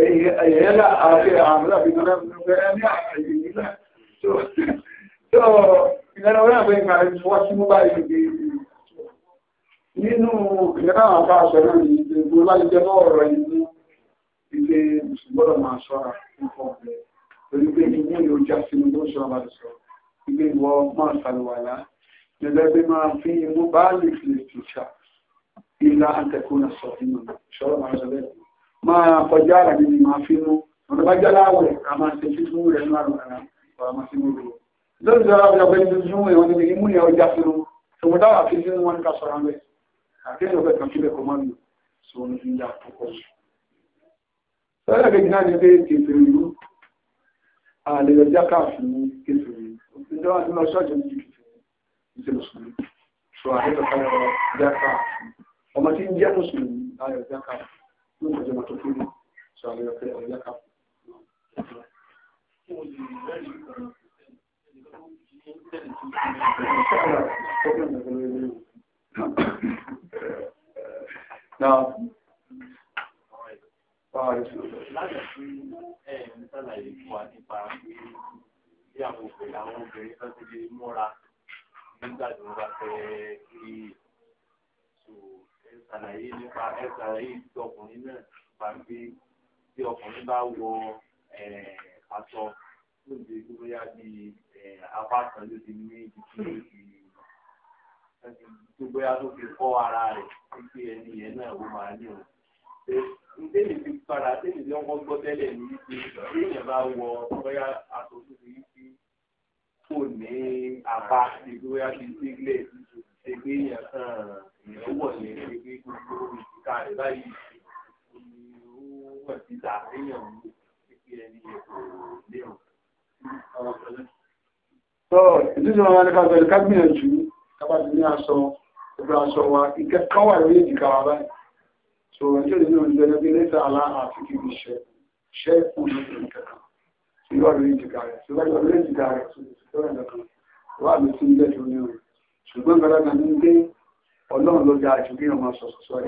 Ẹ̀yẹ́ láàárín àwọn ìgbẹ̀rẹ̀ ní àìyí láti tó ìlànà wọn àgbẹ̀ ìgbà ìfọwọ́ sí mú báyìí gbé nínú ìlànà àwọn bá aṣọ náà ní ìgbè gbogbo láti jẹ́ bọ́ ọ̀rọ̀ ìlú ìgbè gbọ́dọ̀ máa ṣọ́ra nǹkan ọ̀gbẹ́ torí pé ìgbè yóò já sí mi ló ń ṣọ́ra láti sọ ìgbè ìwọ máa ṣàlùwàlá nígbà pé máa fi imú bá lè fi lè tìṣà ìlà àtẹkùn sọ inú ṣọ́ra máa ṣọ bẹ́ẹ̀ máa kọjá àrà nínú máa fi mú ọ̀nà bá jẹ́ láwẹ̀ a máa ṣe fífún rẹ̀ nínú àrùn pàmò sínú rẹ̀ lórí ìjọba ọjà pé nínú ìwọ̀n níbi imú yẹn ọjà sínú ṣùgbọ́n dáwà fi sínú wọn ká sọ̀rọ̀ rẹ̀ àkéyìn ọ̀fẹ́ kan síbẹ̀ kọ́ mọ́nù sọ ní fi ń dà púpọ̀ sí. sọ́yà kejì náà ni pé kèfèrè ìlú àlè ọjà káàfin kèfèrè ìjọba tí lọ ṣọ́ọ̀jì ní kèfèrè ìṣe mùsùlùmí sọ àdéhùn kan ọjà káàfin ọmọ tí ń jẹ́ mùsùlùmí àlè ọjà káàfin ló ń kọjá mọ́tò fún mi sọ àlè ọjà káàfin tí Now, láti fi ẹ ń sàlàyé fún wa nípa pé bí àwọn obìnrin àwọn obìnrin kan ti aṣọ tó lè gbé bóyá bí apá kan ló ti ní ibi tí ó ti tó bóyá tó fi fọ́ ara rẹ̀ wípé ẹni yẹn náà ó máa ní òun. Ndéèlì ti padà déèlì tí wọ́n gbọ́ tẹ́lẹ̀ ní wípé èèyàn bá wọ bóyá aṣọ tó ti rí sí kò ní apá ti bóyá ti sílẹ̀ ṣe pé èèyàn kan èèyàn wọ̀ yẹn ṣe gbogbo ìdíkà rẹ̀ báyìí ó wọ̀ síta èèyàn wò tọ́ ìdíjọ́ wọn ní káàkiri kágbìyànjú kápàtí ní aṣọ ọgbà aṣọ wa ìkẹ́ kan wà lórí ìdíkà wa báyìí tó ẹjọ́ ìlú ìjọ ẹgbẹ́ lẹ́ta aláhà àti kí iṣẹ́ iṣẹ́ ìpò lórí ìkẹ́kàn tí wà lórí ìdíkà rẹ̀ tí wà lórí ìdíkà rẹ̀ tó wà lórí sí ilé tó ní orí ṣùgbọ́n gbọ́dọ̀ ní pé ọlọ́run ló dáa ju kí èèyàn máa sọ sọ́sọ́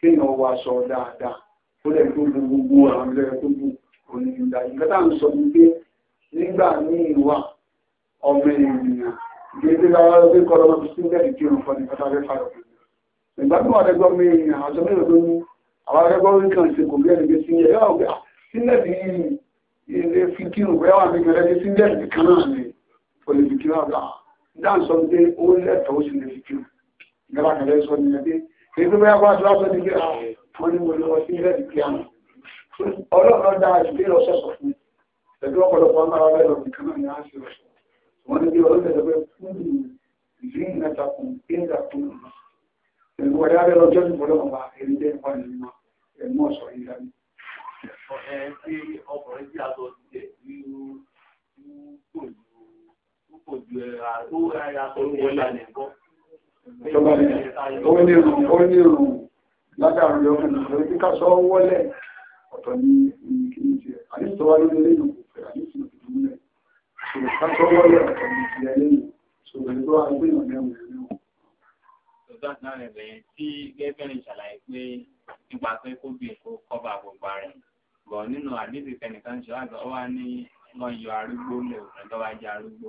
kí èèyàn wọ aṣọ dáadáa ó tó lu gbogbo àwọn ilé tó lu òní ìgbà ìgbà ń sọ ní pé nígbà míì wà ọmọ ènìyàn ìgbésí lára ló gbé kọ́ tó sí lẹ́yìn kí òun fọ́ ní pátá fẹ́ ní àwọn akẹ́kọ̀ọ́ orí sí ah, lè fi kírun àgbà ah, dáǹsọ pé ó lẹ́tọ̀ọ́ sí lè fi kírun ìgbà bá tó wá sọ ní pé ah, wọ́n ní mo lọ sí ilẹ̀ ìpí àmà ọlọ́run dáa jù lé lọ́sọ̀sọ̀ fún ẹ̀dú ọ̀pọ̀lọpọ̀ amára rẹ̀ lọ nìkan náà ní á sì rọ̀sọ̀ wọ́n ní bí ọlọ́run ẹ̀dọ́ pé fún ìlú ìnàtàkùn ìnàtàkùn ẹ̀rù ọ̀dá rẹ̀ lọ́jọ́ ìbọ̀lọ́run wa èyí jẹ́ ìwà nínú ẹ̀mọ́ ọ̀sọ̀ yìí dání. ẹ ti ọkùnrin tí a lọ sí ẹ kò ju ẹ̀rà tó ẹ̀rà tó ń wọlé àná ládàrú yọ ọmọ ìlú pé ká sọ wọlé ọ̀tọ̀ ní kíní tiẹ̀ àyíṣọ́ wa lórí lẹ́yìn òkú fẹ́ àyíṣọ́ òkú múlẹ̀ so ká sọ wọlé ọ̀tọ̀ ní tiẹ̀ lẹ́yìn so èyí tó wà gbé ìwọ̀n lẹ́wọ̀n náà rẹ̀ bẹ̀rẹ̀ tí gẹ́gẹ́rin ṣàlàyé pé nípa pé kó bí kó kọ́ba gbogbo rẹ̀ bọ̀ nínú àdébìfẹ́ nìkan ṣọ́ àgbà wa ní wọ́n yọ arúgbó lẹ̀ òkè tó wá arúgbó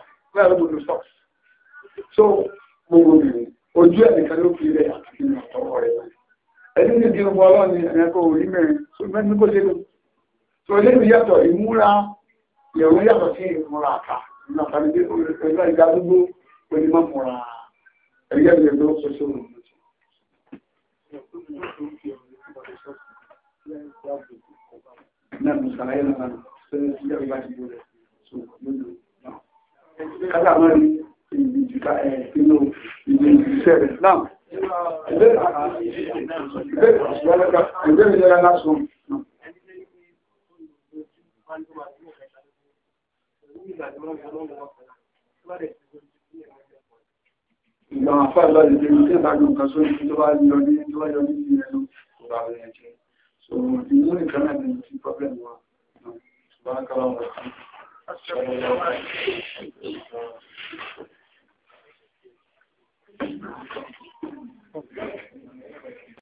bẹ́ẹ̀ ló lò sọ́ọ̀sì so gbogbo mi ojú ẹnìkan ló fi rẹ̀ àti ìrìn àtọwọ́ rẹ̀ ẹni ní ìdí ọmọ ọlọ́ni ẹ̀kọ́ orí mẹ́rin tó mẹ́rin kó ṣe lò tó lè rí yàtọ̀ ìmúra ìyẹ̀wò yàtọ̀ sí ìmúra àkà nàfàlẹ́ pẹ̀lú ìdádúgbò pẹ̀lú mọ́múra ẹ̀yẹ́ mi ló ṣoṣo rò Nẹ́nu sàlàyé lọ́nà tó ń ṣe ìjọba ìgbàjúgbò rẹ̀ tó lónìí kájàmọ́rin ìlú ìjìká ẹ̀ nínú ìlú ìṣẹ̀lẹ̀ náà ìbéèrè yẹra lásán Ìgbà àfáà láti jẹ́ ìjẹ́ ìdájú nǹkan sórí tó bá yọ ní tó bá yọ ní ìrẹ́lú ọ̀rọ̀ àwọn ẹ̀jẹ́. So, ìlú ìkanáà ni ti pọ́blẹ̀mù wa. Ṣùgbọ́n kọ́lọ́wọ́. Okay.